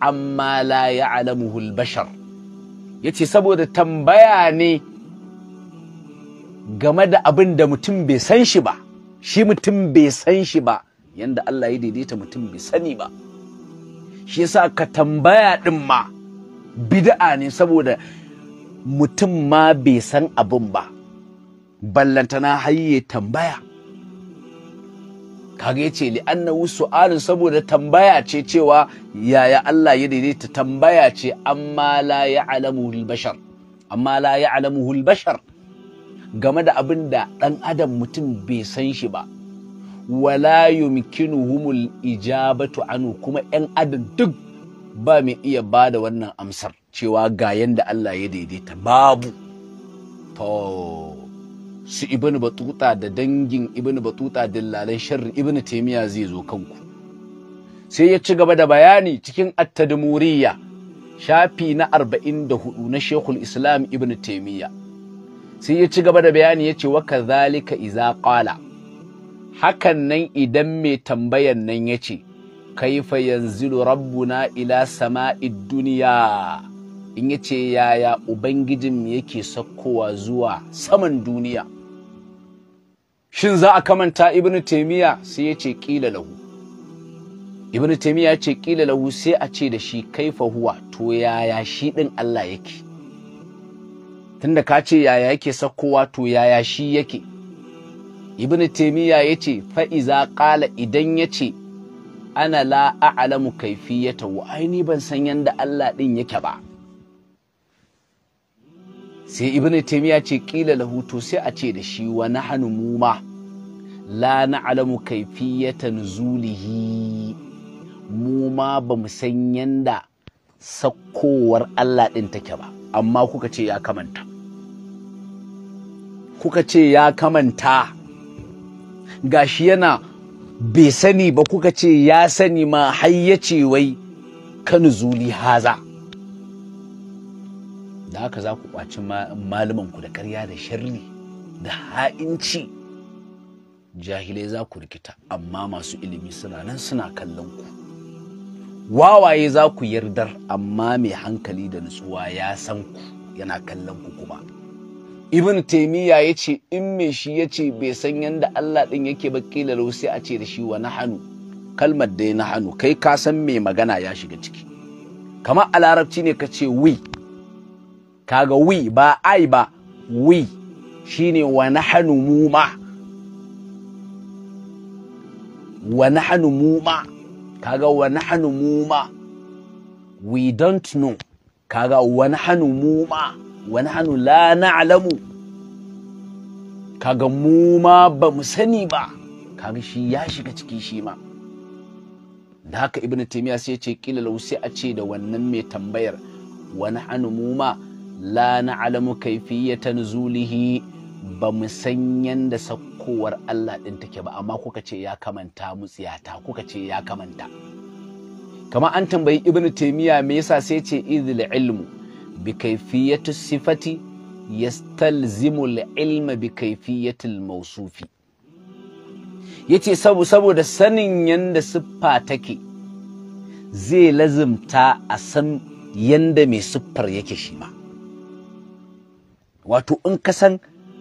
amma la ya'lamuhu al-bashar ya ce saboda tambaya ne game da abin da mutum bai san shi ba shi mutum bai san shi ba yadda Allah ya daidaita mutum bai sani ba shi yasa ka tambaya din ma bid'a ne saboda mutum ma bai san abin ba ballantana har ya tambaya kaga ce li annahu su'alun saboda tambaya ce cewa yaya Allah ya daidaita tambaya ce amma la ya'lamuhu al-bashar amma la ya'lamuhu al-bashar game da abin da dan adam mutum bai san shi ba wala yumkinuhumul ijabatu anu kuma yan adam duk ba mai iya ba da wannan amsar cewa ga yanda Allah ya daidaita babu to su ibn batuta da dangin ibn batuta dillalan sharri ibn taimiya zai zo kanku sai ya ci gaba da bayani cikin attadmuriya shafi na 44 na shekul islam ibn taimiya sai ya ci gaba da bayani ya ce wa kazalika iza qala hakan nan idan mai tambayan nan ya ce kaifa yanzilu rabbuna ila sama'id duniya in yace yaya ubangijin yake sakkowa zuwa saman duniya shin za a kamanta ibn taimiyya sai ya ce ƙila lahu ibn taimiyya ce ƙila lahu sai a ce da shi kaifa huwa to yaya shi ɗin Allah yake tunda ka ce yaya yake sakkowa to yaya shi yake ibn taimiyya ya ce fa'iza ƙala idan ya ce ana la kaifi kaifiyata wa aini ban san yadda Allah ɗin yake ba sai ibn taymiya ce kila lahu to sai a ce da shi wa nahnu muma la na'lamu kayfiyata nuzulihi mu ma ba mu san yanda sakkowar Allah din take ba amma kuka ce ya kamanta kuka ce ya kamanta gashi yana bai sani ba kuka ce ya sani ma har wai kan zuli haza da haka za ku kwaci malumanku da karya da sharri da ha'inci jahilai za ku rikita amma masu ilimi suna nan suna kallon ku wawaye za ku yardar amma mai hankali da nutsuwa ya san ku yana kallon ku kuma ibn taimiyya ya ce in mai shi ya ce bai san yadda allah ɗin yake ba kila sai a ce da shi wa na hannu kalmar dai na hannu kai ka san mai magana ya shiga ciki kamar a larabci ne ka ce wi kaga wi ba ai ba wi shine wa nahnu mu ma wa nahnu mu ma kaga wa nahnu mu ma we don't know kaga wa nahnu mu ma wa nahnu la na'lamu kaga mu ma ba mu sani ba kaga shi ya shiga ciki shi ma da haka ibnu taymiya sai ya ce kila lausi a ce da wannan mai tambayar wani hannu mu ma la na'lamu kayfiyata nuzulihi ba mu san yanda sakowar Allah din take ba amma kuka ce ya kamanta mu tsiyata kuka ce ya kamanta kama an tambayi ibn taymiya me yasa sai ce idil ilmu bi kayfiyati sifati yastalzimu al ilma bi kayfiyati al mawsufi yace saboda sanin yanda siffa take zai lazimta a san yanda mai siffar yake shi ma wato in ka san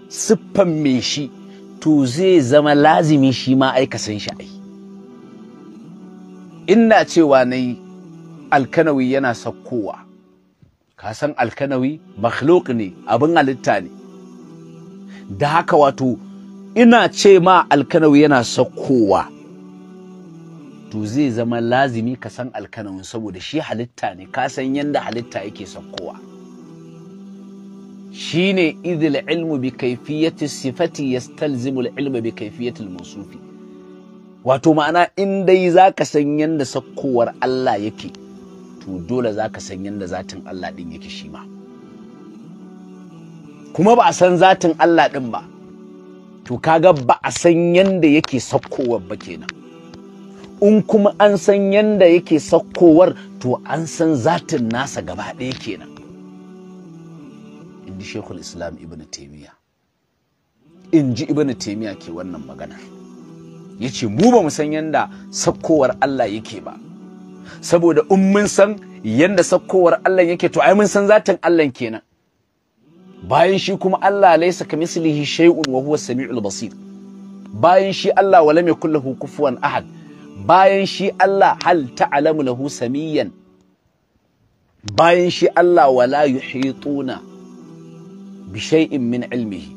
siffan me shi to zai zama lazimi shi ma ai ka san shi ai ina cewa nayi alkanawi yana sakkowa ka san alkanawi makhluk ne abin halitta ne da haka wato ina ce ma alkanawi yana sakkowa to zai zama lazimi ka san alkanawin saboda shi halitta ne ka san yadda halitta yake sakkowa shine idil ilmu bi kaifiyati sifati yastalzimu ilmu bi kaifiyati mawsufi wato ma'ana in dai zaka san yanda sakkowar Allah yake to dole zaka san yanda zatin Allah din yake shi ma kuma ba a san zatin Allah din ba to kaga ba a san yanda yake sakkowar ba kenan in kuma an san yanda yake sakkowar to an san zatin nasa gaba ɗaya kenan ji shekul islam ibn taimiyya in ji ibn taimiyya ke wannan magana ya ce mu ba mu san yadda sakkowar allah yake ba saboda in mun san yadda sakkowar allah yake to ai mun san zatin allah kenan bayan shi kuma allah laisa ka mislihi shay'un wa huwa sami'ul basir bayan shi allah wala mai yakul kufuwan ahad bayan shi allah hal ta'lamu lahu samiyan bayan shi Allah wala yuhituna Bishai in min ilmihi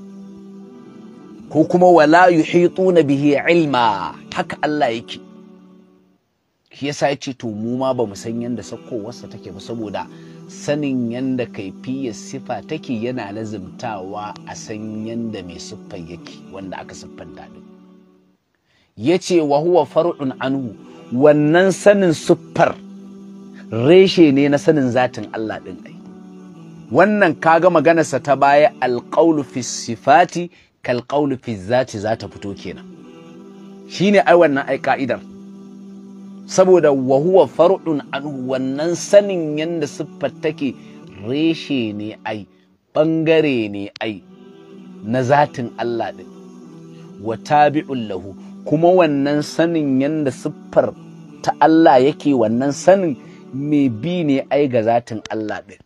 ko kuma wala yuhituna bihi ilma haka Allah yake shi yasa yace to mu ma bamu san yanda sakkowarsa take ba saboda sanin yanda kaifiyar sifa take yana lazimtawa a san yanda mai siffar yake wanda aka siffanta din yace wa huwa far'un anhu wannan sanin siffar reshe ne na sanin zatin Allah din ai wannan kaga maganarsa ta baya alƙaulu fi sifati kalƙaulu fi zati za ta fito kenan ne ai wannan ai ka'idar saboda wahuwa faruɗin an wannan sanin yadda siffar take reshe ne ai ɓangare ne ai na zatin Allah ɗin wa tabi'un lahu kuma wannan sanin yadda siffar ta Allah yake wannan sanin mai bi ne ai ga zatin Allah ɗin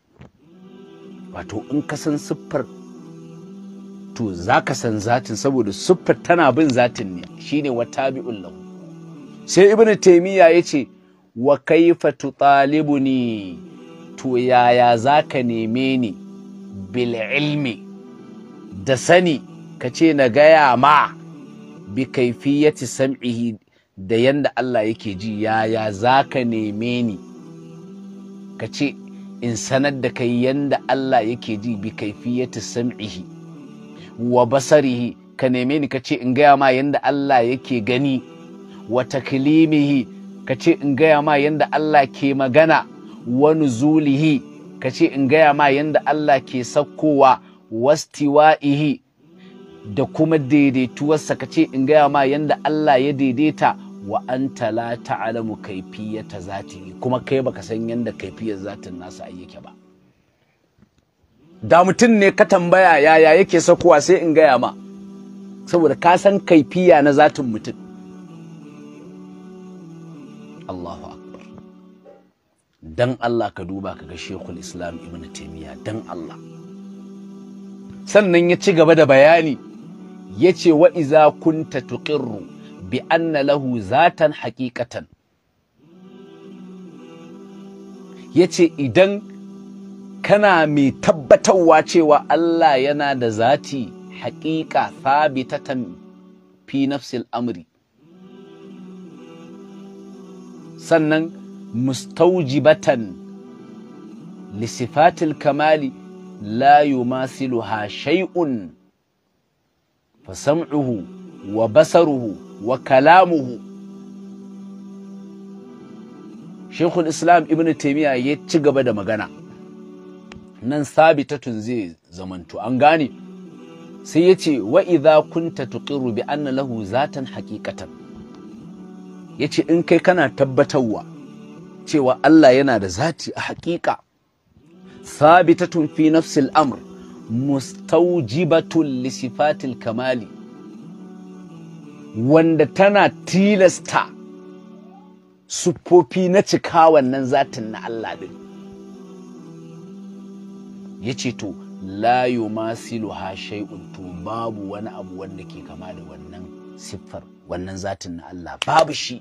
wato in ka san siffar to za ka san zatin saboda siffar tana bin zatin ne shi ne wata bi'un lahu sai Ibn ibnu ya ce, wa kaifa ne? to yaya za ka neme ni bil ilmi da sani ka ce na gaya ma bi kaifiyati sam'ihi da yanda Allah yake ji yaya za ka neme ni ka ce in sanar da kai yanda Allah yake ji bi kaifiyati sam'ihi wa basarihi ka neme ni ka in gaya ma yanda Allah yake gani wa taklimihi kace in gaya ma yanda Allah ke magana wa nuzulihi ka in gaya ma yanda Allah ke sakkowa wastiwa'ihi da kuma daidaituwarsa ka ce in gaya ma yanda Allah ya daidaita wa ta alamu kaifiya ta zati kuma kai baka san yadda kaifiyar zatin nasa ai yake ba da mutum ne ka tambaya yaya yake sakuwa sai in gaya ma saboda ka san kaifiya na zatin mutum Allahu akbar dan Allah ka duba ka ga Shekul Islam Ibn Taymiyyah dan Allah sannan ya ci gaba da bayani yace wa iza kunta tuqirru بأن له ذاتا حقيقة يتي إدن كنا مي تبتو واتي و الله ينا ذاتي حقيقة ثابتة في نفس الأمر سنن مستوجبة لصفات الكمال لا يماثلها شيء فسمعه وبصره wa kalamuhu shekul islam ibn taimiyya ya ci gaba da magana nan sabitatun zai zamantu an gane sai ya ce wa idza kunta tuqiru bi anna lahu zatan haqiqatan ya ce in kai kana tabbatarwa cewa Allah yana da zati a haƙiƙa sabitatun fi nafsil amr mustaujibatun li sifatil kamali wanda tana tilasta siffofi na cika wannan zatin na Allah din, ya ce to la masilu ha shay'un to babu wani abu wanda ke kama da wannan siffar wannan zatin na Allah babu shi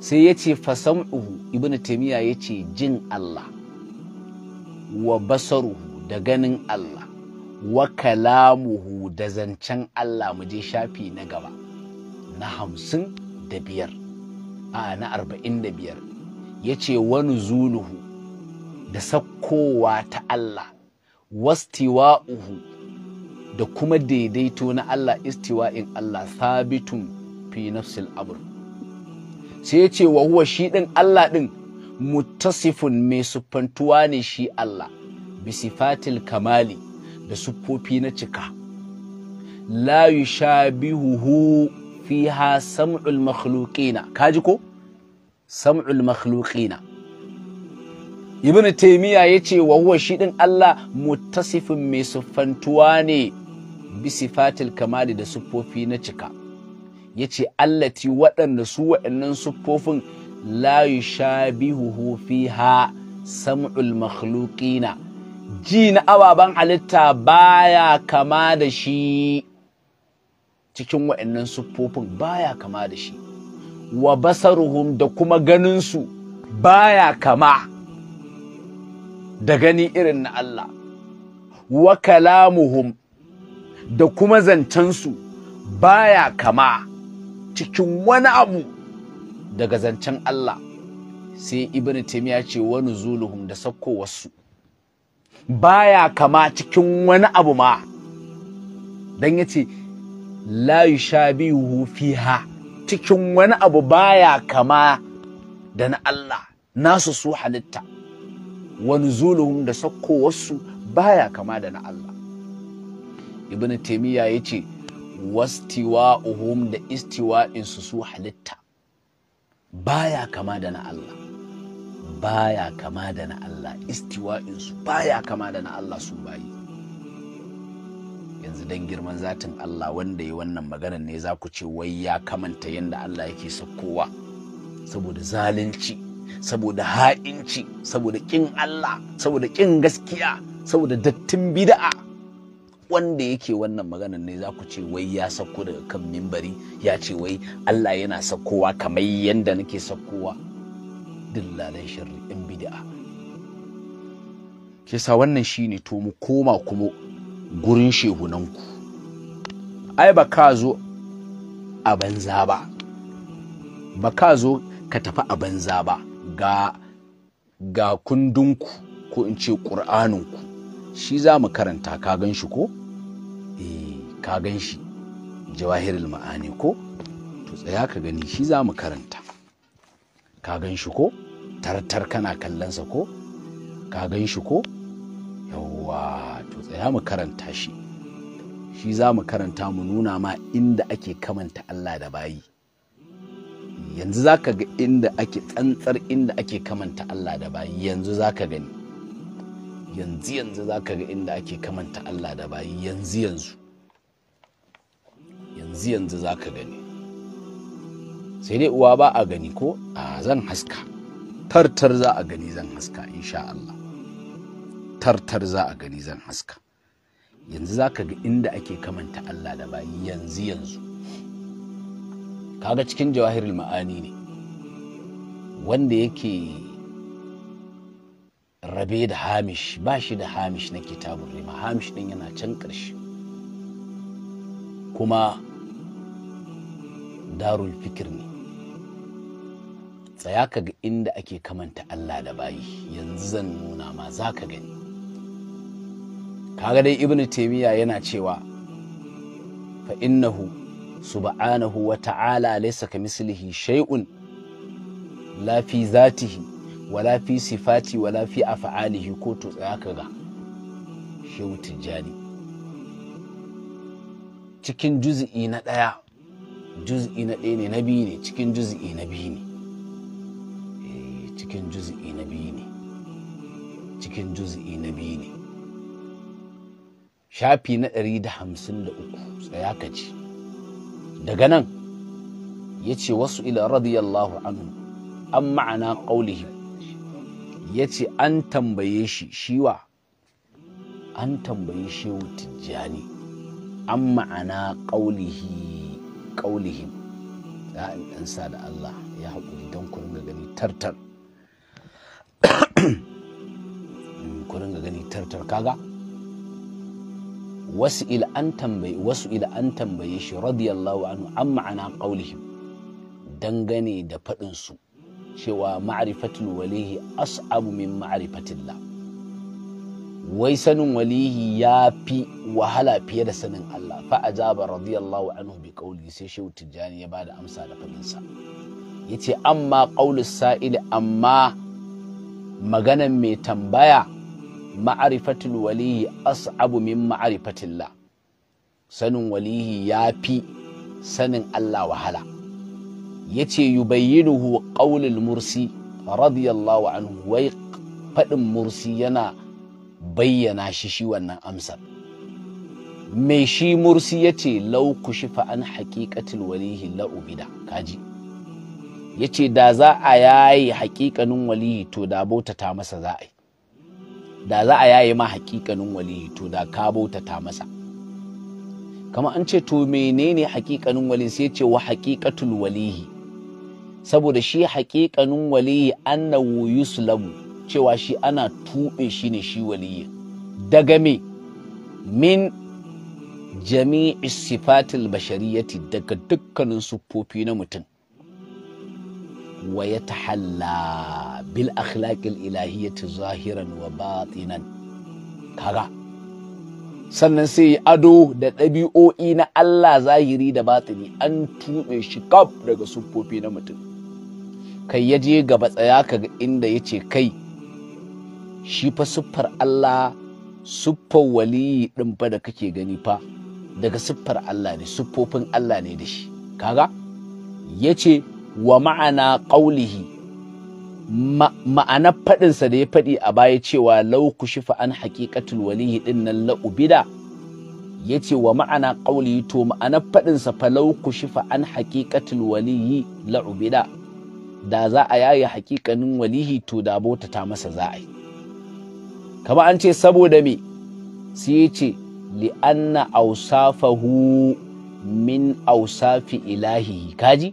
sai ya ce fasam'uhu Ibn Taimiyya ya ce jin Allah wa basaruhu da ganin Allah wa kalamuhu da zancen Allah mu je shafi na gaba na hamsin da biyar a na arba'in da biyar ya ce wani zuluhu da sakkowa ta Allah wastiwa'uhu da kuma daidaito na Allah istiwa'in Allah sabitun fi nafsil abur sai ya ce wa huwa shi ɗin Allah ɗin mutasifun mai siffantuwa ne shi Allah bisifatil kamali da siffofi na cika la yushabihuhu fiha sam'ul makhluqina kaji ko sam'ul makhluqina ibn taymiya yace wa huwa shi din Allah muttasifin mai siffantuwa ne bi sifatil kamali da siffofi na cika yace ti waɗanda su waɗannan siffofin la yushabihuhu fiha sam'ul makhluqina ji na ababen halitta baya kama da shi cikin wa'annan siffofin baya kama da shi wa basaruhum da kuma ganinsu baya kama da gani irin na Allah wa kalamuhum da kuma zancen su baya kama cikin wani abu daga zancen Allah sai ibnu ce wani nuzuluhum da saukowarsu wasu baya kama cikin wani abu ma dan yace la yushabihu fiha cikin wani abu baya kama da na Allah nasu su halitta wani zuluhun da sakkowarsu baya kama da na Allah ibn taimiyya ya ce wastiwa uhum da istiwa insu su halitta baya kama da na Allah baya kama da na Allah su baya kama da na Allah su bayi yanzu don girman zatin Allah wanda ya wannan maganar ne za ku ce wai ya kamanta yadda Allah yake saukowa saboda zalunci saboda ha'inci saboda kin Allah saboda kin gaskiya saboda dattin bida'a wanda yake wannan maganar ne za ku ce wai ya sauko daga kan mimbari ya ce wai Allah yana saukowa kamar yadda nake saukowa dillalan sharri in bid'a ke sa wannan shine to mu koma kuma gurin shehunanku ai ba ka zo a banza ba ba ka zo ka tafi a banza ba ga ga kundunku ko in ce ƙur'aninku shi za mu karanta ka gan shi ko? eh ka gan shi jawahirul ma'ani ko? to tsaya ka gani shi za mu karanta ka gan shi ko? tartar kana kallonsa ko ka gan shi ko yawwa to tsaya mu karanta shi shi za mu karanta mu nuna ma inda ake kamanta Allah da bayi yanzu za ka ga inda ake tsantsar inda ake kamanta Allah da bayi yanzu za ka gani yanzu yanzu za ka ga inda ake kamanta Allah da bayi yanzu yanzu yanzu yanzu za ka gani sai dai uwa ba a gani ko a zan haska tartar za a gani zan haska insha Allah tartar za a gani zan haska yanzu za ka ga inda ake kamanta Allah da bayi yanzu yanzu kaga cikin jawahirul ma'ani ne wanda yake rabe da hamish ba shi da hamish na kitabun rima hamish din yana can ƙarshe kuma darul fikir ne tsaya ka ga inda ake kamanta Allah da bayi yanzu zan nuna ma za ka gani kaga dai ibnu taimiyya yana cewa fa innahu subhanahu wa ta'ala laysa kamislihi shay'un la fi zatihi wala fi sifati wala fi af'alihi ko to tsaya ka ga shehu tijjani cikin juz'i na ɗaya juz'i na ɗaya ne na biyu ne cikin juz'i na biyu ne cikin juz'i na biyu ne cikin juz'i na biyu ne shafi na 153 tsaya ka ce daga nan ya ce wasu ila radiyallahu anhu an ma'ana ƙaulihim ya ce an tambaye shi shiwa an tambaye shi tijjani an ma'ana ƙaulihi ƙaulihim ya ɗansa da Allah ya haƙuri don ku gani tartar kurin ga gani tartar kaga wasu ila an tambaye wasu ila an tambaye shi radiyallahu anhu an ma'ana qaulihim dangane da faɗin su cewa ma'rifatul walihi as'abu min ma'rifatillah wai sanin walihi ya fi wahala fiye da sanin Allah fa ajaba radiyallahu anhu bi qauli sai shehu tijjani ya bada amsa da faɗinsa yace amma qaulus sa'ili amma maganan mai tambaya ma'arifatul walihi as'abu min ma'arifatillah sanin walihi ya fi sanin Allah wahala ya ce yubayyinuhu ƙaulul mursi radiyallahu anhu wai faɗin mursi yana bayyana shi shi wannan amsar mai shi mursi ya ce lau ku shifa an haƙiƙatul walihi la'ubida kaji ya ce da za a yaye hakikanin waliyi to da bautata masa za a yi da za a yaye ma hakikanin waliyi to da ka bautata masa kama an ce to menene hakikanin wali sai ce wa hakikatul walihi saboda shi hakikanin waliyi annahu yuslamu cewa shi ana tuɓe shi ne shi waliyi daga me min jami'i sifatil bashariyati daga dukkanin siffofi na mutum wa ya halla bil akhlaqil ilahiyyati zahiran wa batinan sannan sai ya ado da ɗabi'o'i na Allah zahiri da batini an tuɓe shi kaf daga siffofi na mutum kai ya je gaba tsaya kaga inda ya ce kai shi fa siffar Allah siffar waliyi ɗin fa da kake gani fa daga siffar Allah ne siffofin Allah ne da shi kaga ya ce wa ma'ana ƙaulihi ma'anar faɗinsa da ya faɗi a baya cewa lau shi shifa an haƙiƙatul walihi ɗin nan la'ubida ya ce wa ma'ana ƙaulihi to ma'anar faɗinsa fa lau shi shifa an haƙiƙatul walihi la'ubida da za a yaye haƙiƙanin walihi to da bota ta masa za a yi kama an ce saboda me sai ya ce li'anna ausafahu min ausafi ilahi kaji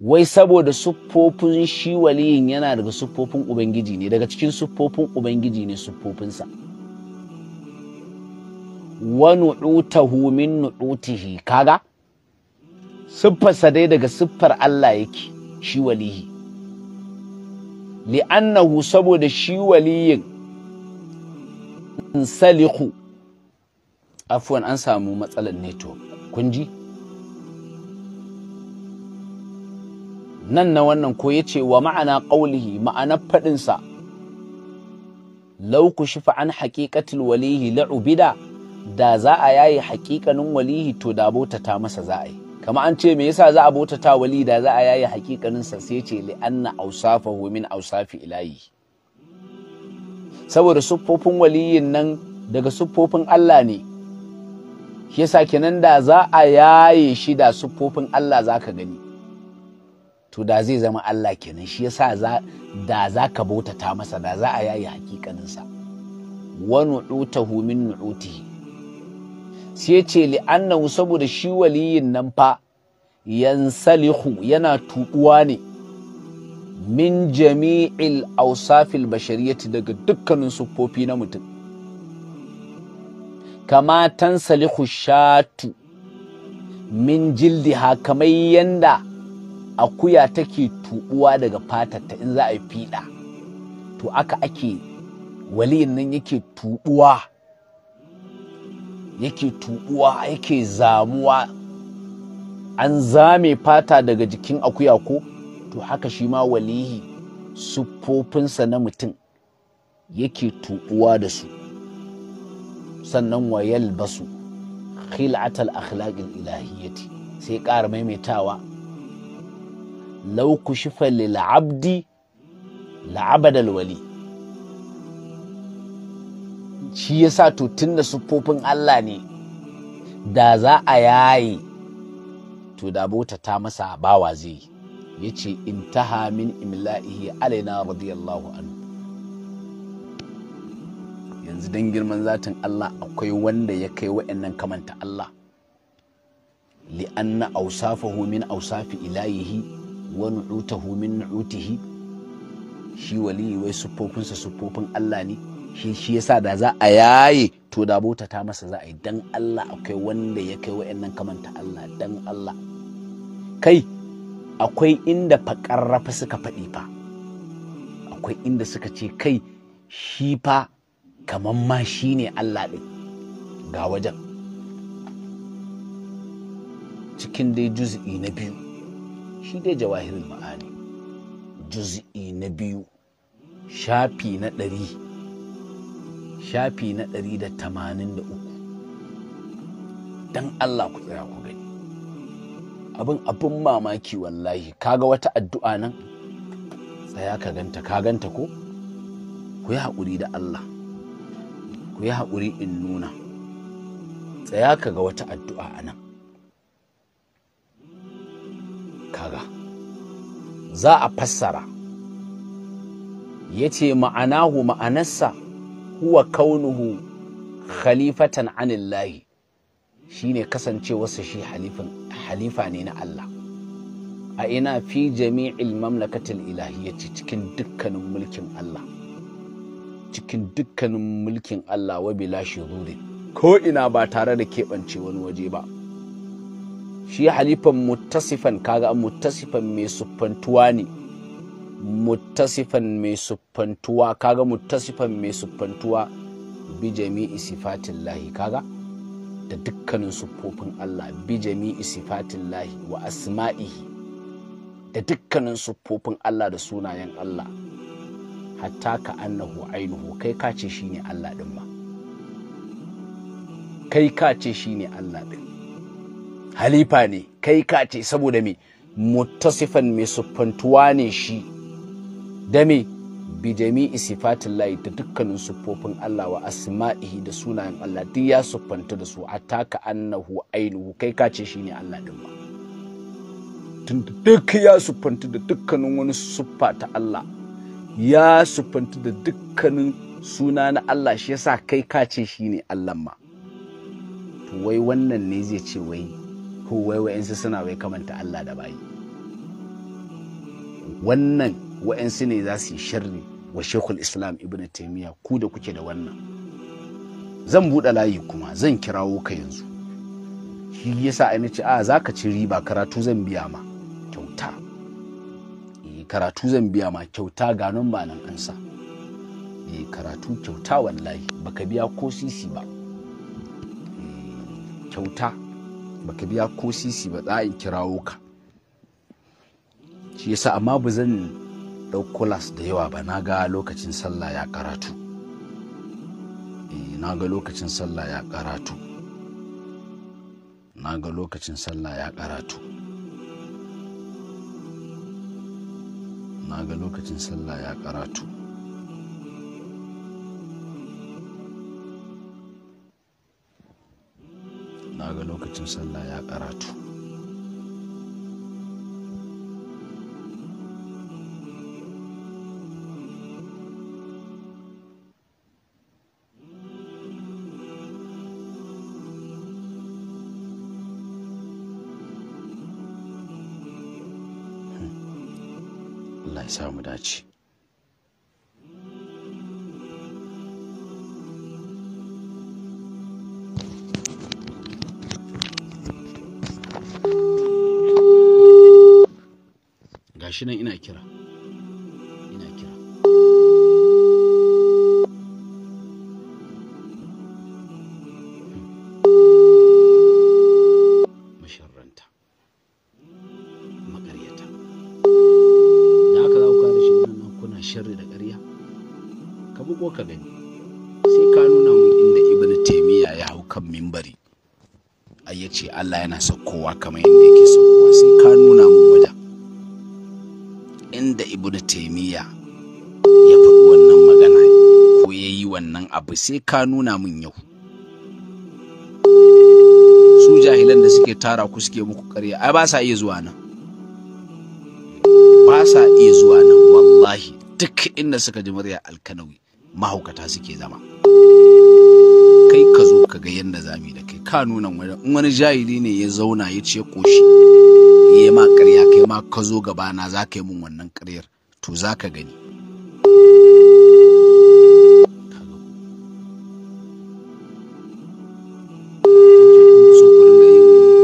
wai saboda siffofin shi waliyin yana daga siffofin ubangiji ne daga cikin siffofin ubangiji ne siffofinsa wa nu'utahu min nu'utihi kaga siffarsa dai daga siffar Allah yake shi waliyi li'annahu saboda shi waliyin salihu afuwan an samu matsalar network kun ji nan na wannan ko ya ce wa ma'ana ƙaulihi ma'anar faɗinsa lau ku shifa an haƙiƙatul walihi la'ubida da za a yayi haƙiƙanin walihi to da bautata masa za a yi kama an ce me yasa za a bautata wali da za a yayi haƙiƙanin sa sai ce li anna awsafahu min awsafi ilahi saboda siffofin waliyin nan daga siffofin Allah ne yasa kenan da za a yaye shi da siffofin Allah zaka gani to da zai zama Allah kenan shi yasa za da za ka bautata masa da za a yayi hakikaninsa wa nu'utahu min nu'utihi sai ya ce annahu saboda shi waliyin nan fa yansalihu yana tubuwa ne min jami'il ausafil bashariyati daga dukkanin siffofi na mutum kama tansalihu shatu min jildiha kamar yanda akuya take tubuwa daga fatarta in za a yi fiɗa to aka ake waliyin nan yake tubuwa yake tubuwa yake zamuwa an zame fata daga jikin akuya ko to haka shi ma walihi siffofinsa na mutum yake tubuwa da su sannan wayal basu khil'atal akhlaqil ilahiyyati sai ƙara maimaitawa lau ku shifa lil'abdi la'abadal wali shi yasa to da siffofin Allah ne da za a yaye to da bota ta masa bawa zai ya ce intaha min imla'ihi alaina radiyallahu anhu yanzu don girman zatin Allah akwai wanda ya kai wa'annan kamanta Allah li'anna ausafahu min ausafi ilayihi wani min utihi shi wali wai siffofinsa siffofin Allah ne shi shi yasa da za a yaye to da bota ta masa za a yi dan Allah akwai wanda ya kai wa'annan kamanta Allah dan Allah kai akwai inda fa suka faɗi fa akwai inda suka ce kai shi fa kaman ma shi ne Allah ɗin ga wajen cikin dai juz'i na biyu shi dai jawahirul ma'ani juz'i na biyu shafi na ɗari shafi na ɗari da tamanin da uku don Allah ku tsira ku gani abin abin mamaki wallahi kaga wata addu'a nan tsaya ka ganta ka ganta ko ku yi haƙuri da Allah ku yi haƙuri in nuna tsaya ka ga wata addu'a a nan kaga za a fassara ya ce ma'anahu ma'anarsa huwa kaunuhu khalifatan anillahi shine kasancewarsa shi halifa ne na Allah a ina fi jami'il mamlakatil ilahiyyati cikin dukkanin mulkin Allah cikin dukkanin mulkin Allah wa bila ko ina ba tare da keɓance wani waje ba shi halifan mutasifan kaga mutasifan mai sufantuwa ne mutasifan mai sufantuwa kaga mutasifan mai sufantuwa bi jami'i sifatin lahi kaga da dukkanin siffofin Allah bi jami'i sifatin lahi wa asma'ihi da dukkanin siffofin Allah da sunayen Allah hatta ka annahu ainihu kai ka ce shine Allah din ba kai ka ce shine Allah din halifa ne kai ka ce saboda me mutasifan mai siffantuwa ne shi da me bi jami'i sifatin layi da dukkanin siffofin Allah wa asma'ihi da sunayen Allah duk ya siffanta da su ataka annahu ainihu kai ka ce shine Allah din ma duk ya siffanta da dukkanin wani siffa ta Allah ya siffanta da dukkanin suna na Allah shi yasa kai ka ce shine Allah ma wai wannan ne zai ce wai ko wa'yansu suna wai kamanta Allah da bayi wannan wa'yansu ne za su yi sharri wa shekul islam ibn taimiyya ku da kuke da wannan zan buɗe layi kuma zan kirawo ka yanzu shi yasa a ce a za ka ci riba karatu zan biya ma kyauta eh, karatu zan biya ma kyauta ga ba nan an sa eh, karatu kyauta wallahi baka biya ko sisi ba eh, kyauta baka biya ko sisi ba za a kirawo ka shi yasa amma ba zan ɗauko las da yawa ba na ga lokacin sallah ya karatu eh, na ga lokacin sallah ya karatu na ga lokacin sallah ya karatu na ga lokacin sallah ya karatu na ga lokacin sallah ya karatu Allah ya samu dace gashi nan ina kira ina kira masharranta makaryata da aka za ku kare shi nan kuna sharri da ƙarya ka bugo ka gani sai ka nuna mun inda ibnu taymiya ya hau kan mimbari ai Allah yana saukowa kamar yadda yake saukowa sai ka nuna mun wajen da Ibu da taimiyya ya faɗi wannan magana ko ya yi wannan abu sai ka nuna min yau su jahilan da suke tara ku suke muku karya ai ba sa iya zuwa nan ba sa iya zuwa nan wallahi duk inda suka ji murya alkanawi mahaukata suke zama kai ka zo ka ga yadda zami da kai ka nuna wani wani jahili ne ya zauna ya ce ƙoshi. ya ma ƙarya kai ma ka zo na za ka yi min wannan ƙaryar to za ka gani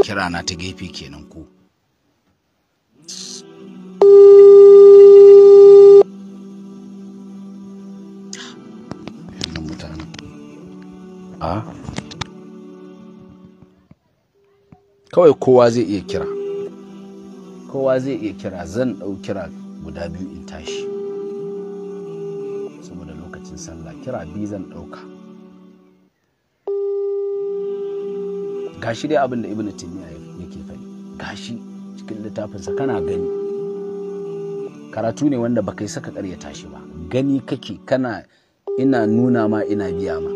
kirana ta gefe kenan ko ah? kawai kowa zai iya kira kowa zai iya kira zan ɗau kira guda biyu in tashi saboda lokacin sallah kira biyu zan ɗauka gashi dai abin da ibn ya yake faɗi gashi cikin littafinsa kana gani karatu ne wanda baka yi saka karyata tashi ba gani kake kana ina nuna ma ina biya ma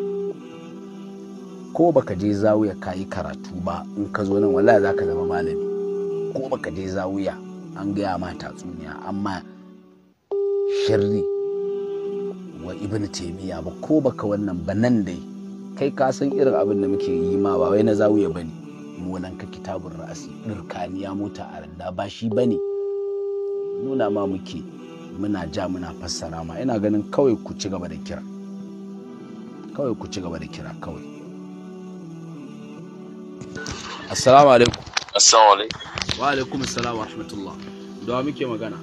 ko baka je zawuya kayi karatu ba in ka zo nan wallahi zaka zama malami ko baka je zawiya an gaya ma tatsuniya amma shirri wa ibn taimiyya ba ko baka wannan ba nan dai kai ka san irin abin da muke yi ma ba wai na zawiya ba mu munan ka kitabun ra'asi dirkaniya mota a randa ba shi ne nuna ma muke muna ja muna fassara ma ina ganin kawai ku ci gaba da kira kawai ku ci gaba da kira kawai assalamu alaikum assalamu alaikum wa alaikum assalam wa rahmatullah da muke magana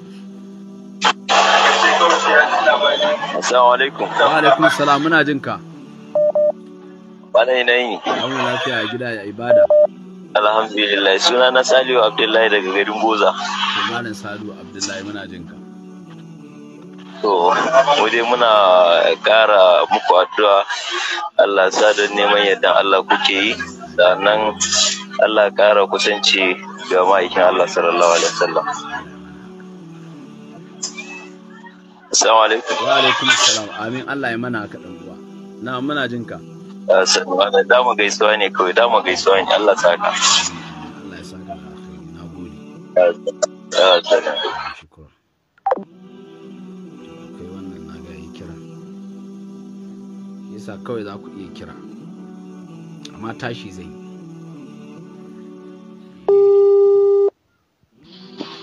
assalamu alaikum wa alaikum salam muna jin ka bana yi amma lafiya a gida ya ibada alhamdulillah suna na saliu abdullahi daga garin boza malam saliu abdullahi muna jin ka to mu dai muna kara muku addu'a Allah sa don neman yadda Allah kuke yi sannan Allah ƙara kusanci ga ma'aikin Allah sallallahu alaihi wasallam Assalamu alaikum wa alaikum assalam amin Allah ya mana ka dan uwa na muna jin ka eh, da mu gaisuwa ne kawai da mu gaisuwa ne Allah saka Allah ya saka na gode eh, eh, wannan na ga yi kira kawai za ku iya kira amma tashi zai yi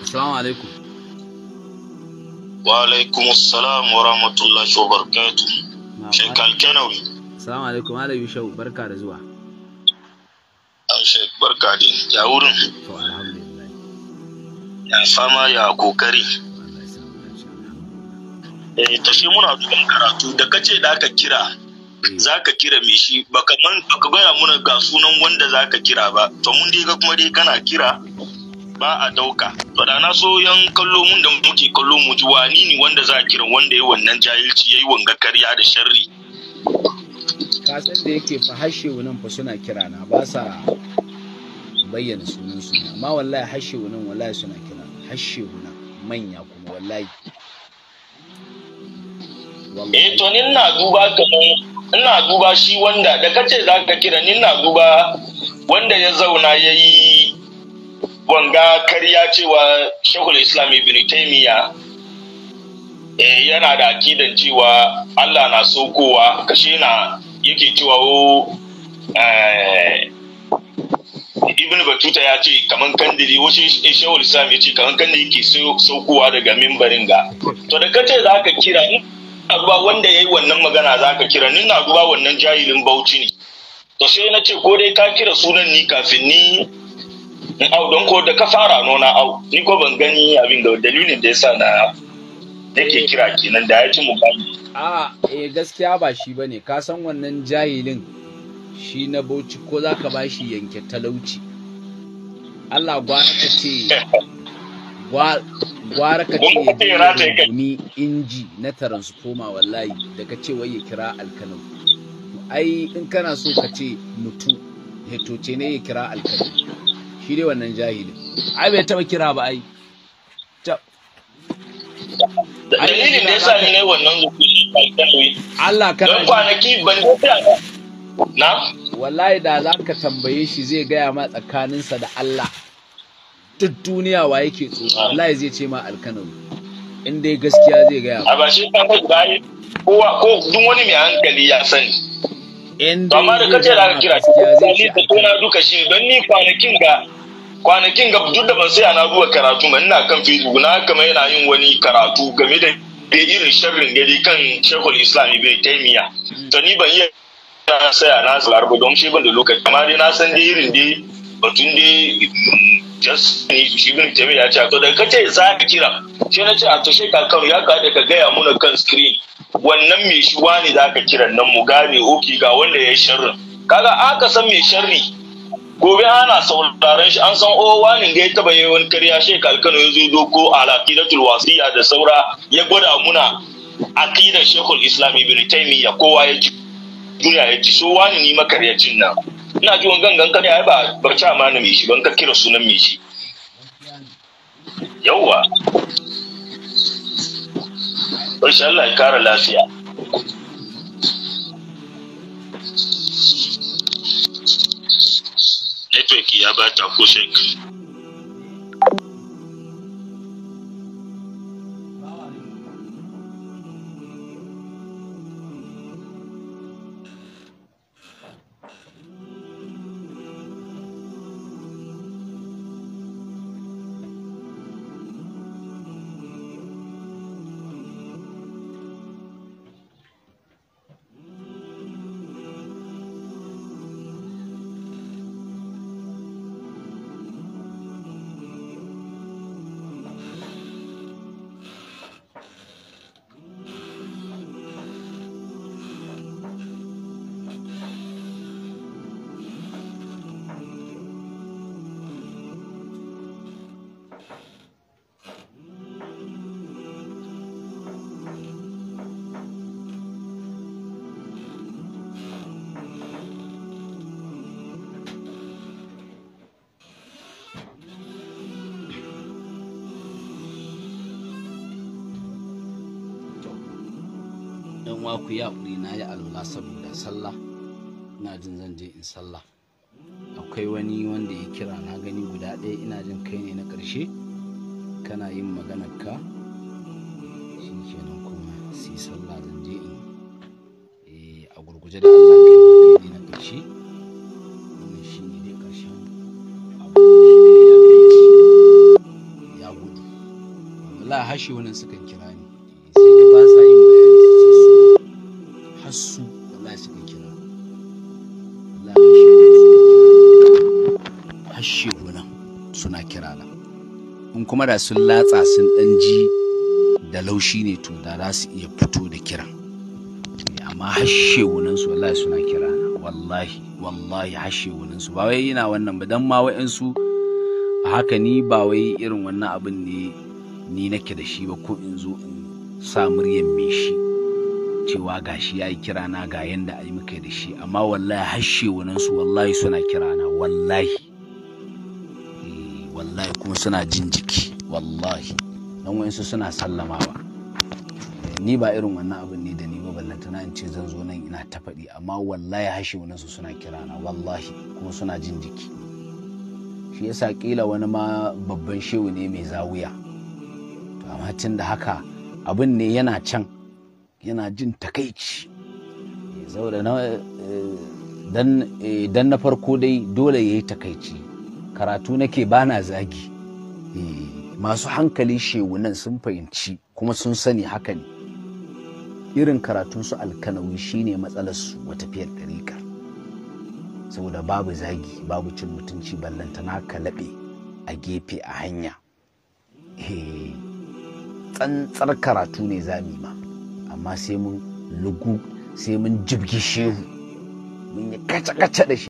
Assalamu alaikum. Wa alaikum assalam wa rahmatullahi wa barakatu. Sheikh Alkenawi. Assalamu alaikum Malam Yushau barka da zuwa. An ah, Sheikh barka dai ya wurin. To alhamdulillah. Ya fama ya kokari. Eh tashi muna dukan karatu da kace da aka kira Za ka kira mai shi Ba ka baka baya muna ga sunan wanda za ka kira ba to mun dai ga kuma dai kana kira ba a dauka to da na so yan kallo mun da muke kallo mu ji wani ne wanda za a kira wanda ya wannan jahilci yayi wanga karya da sharri kasar da yake fa hashe wannan fa suna kira na ba sa bayyana sunan su amma wallahi hashe wannan wallahi suna kira hashe wannan manya kuma wallahi eh to ni na duba kaman ina duba shi wanda da kace za ka kira ni ina duba wanda ya zauna ya yi wanga karya cewa shekul islam ibn taimiya eh, yana da akidan cewa allah na sokowa kashe na yake cewa o eh, ibn batuta ya ce kaman kandili wasu shekul islam ya ce kaman kandili ke saukowa daga mimbarin ga to da kace za ka kira duba wanda ya yi wannan magana za ka kira ni na duba wannan jahilin bauchi ne to sai na ce ko dai ka kira sunan ni kafin ni in au don ko da ka fara nona au ni ko ban gani abin da dalilin da yasa na yake kira kenan da ya ci mu bani a eh gaskiya ba shi bane ka san wannan jahilin shi na bauchi ko za zaka bashi yanke talauci Allah gwana ka ce gwara ka ce ni inji na transformer wallahi da ka ce ya kira alkanu ai in kana so ka ce mutu ce ne ya kira alkanu shi dai wannan jahilin ai bai taba kira ba ai dalilin da yasa ne wannan Allah kana Dan kwanaki ban na wallahi da za ka tambaye shi zai gaya ma tsakaninsa da Allah duk duniya wa yake tsoro wallahi zai ce ma alkanan in dai gaskiya zai gaya a ba shi ta ko kowa ko duk wani mai hankali ya sani in dai amma da kace da kira ni da tona duka shi don ni kwanakin ga kwanakin ga duk da ban sai na zuwa karatu ba ina kan facebook na kamar yana yin wani karatu game da irin sharrin gari kan shekul islam ibn taymiya mm. to ni ban yi na saya na salar ba don shi ban da lokaci amma dai na san dai irin dai batun dai just ibn taymiya ya ce to da kace za ka kira shi na ce a to shi kakan ya ka da ka gaya muna kan screen wannan me shi wani za ka kira nan mu gane oki ga wanda ya yi sharrin kaga aka san me sharri gobe ana sauraron shi an san o oh, wani ga ya taba yi wani karya shi kalkano ya zo doko alaqidatul wasiya da saura ya gwada muna aqidar shekul islam ibn taymiya kowa ya ji duniya ya ji so wani ni makaryacin nan ina ji wangan ganka ne ai ba barci amana mai shi ban ka kira sunan mai shi yawwa Allah ya kara lafiya. Network ya bata ko shek. uwa ku ya ƙuri na yi alwala saboda sallah ina jin zan je in sallah akwai wani wanda ya kira na gani guda ɗaya ina jin kai ne na ƙarshe kana yin maganar ka shi kenan kuma si sallah zan je in eh, a gurguje da Allah kai ne na ƙarshe Allah hashi wani sukan kira ni kuma da sun latsa sun ɗan ji da laushi ne to da za su iya fito da kiran amma hashe wunansu wallahi suna kira wallahi wallahi hashe wunansu ba wai yana wannan ba dan ma wa'ansu haka ni ba wai irin wannan abin ne ni nake da shi ba ko in zo in sa muryan me shi cewa gashi yayi kira na ga yanda ai muka da shi amma wallahi hashe wunansu wallahi suna kira na wallahi suna jin jiki wallahi don wayansu suna sallamawa ni ba irin wannan abin ne da ni ba ballantana in ce zan zo nan ina ta faɗi amma wallahi hashe wani su suna kirana wallahi kuma suna jin jiki shi yasa kila wani ma babban shehu ne mai zawuya to amma tun da haka abin ne yana can yana jin takaici eh, na eh, eh, dan na farko dai dole yayi takaici karatu nake bana zagi masu hankali shewunan sun fahimci kuma sun sani haka ne irin karatunsu alkanawi shine matsalarsu wa tafiyar ɗarika saboda babu zagi babu cin mutunci ballantana ka laɓe a gefe a hanya eh, tsantsar karatu ne zami ma amma sai mun lugu sai mun jibgi shehu mun yi kaca-kaca da shi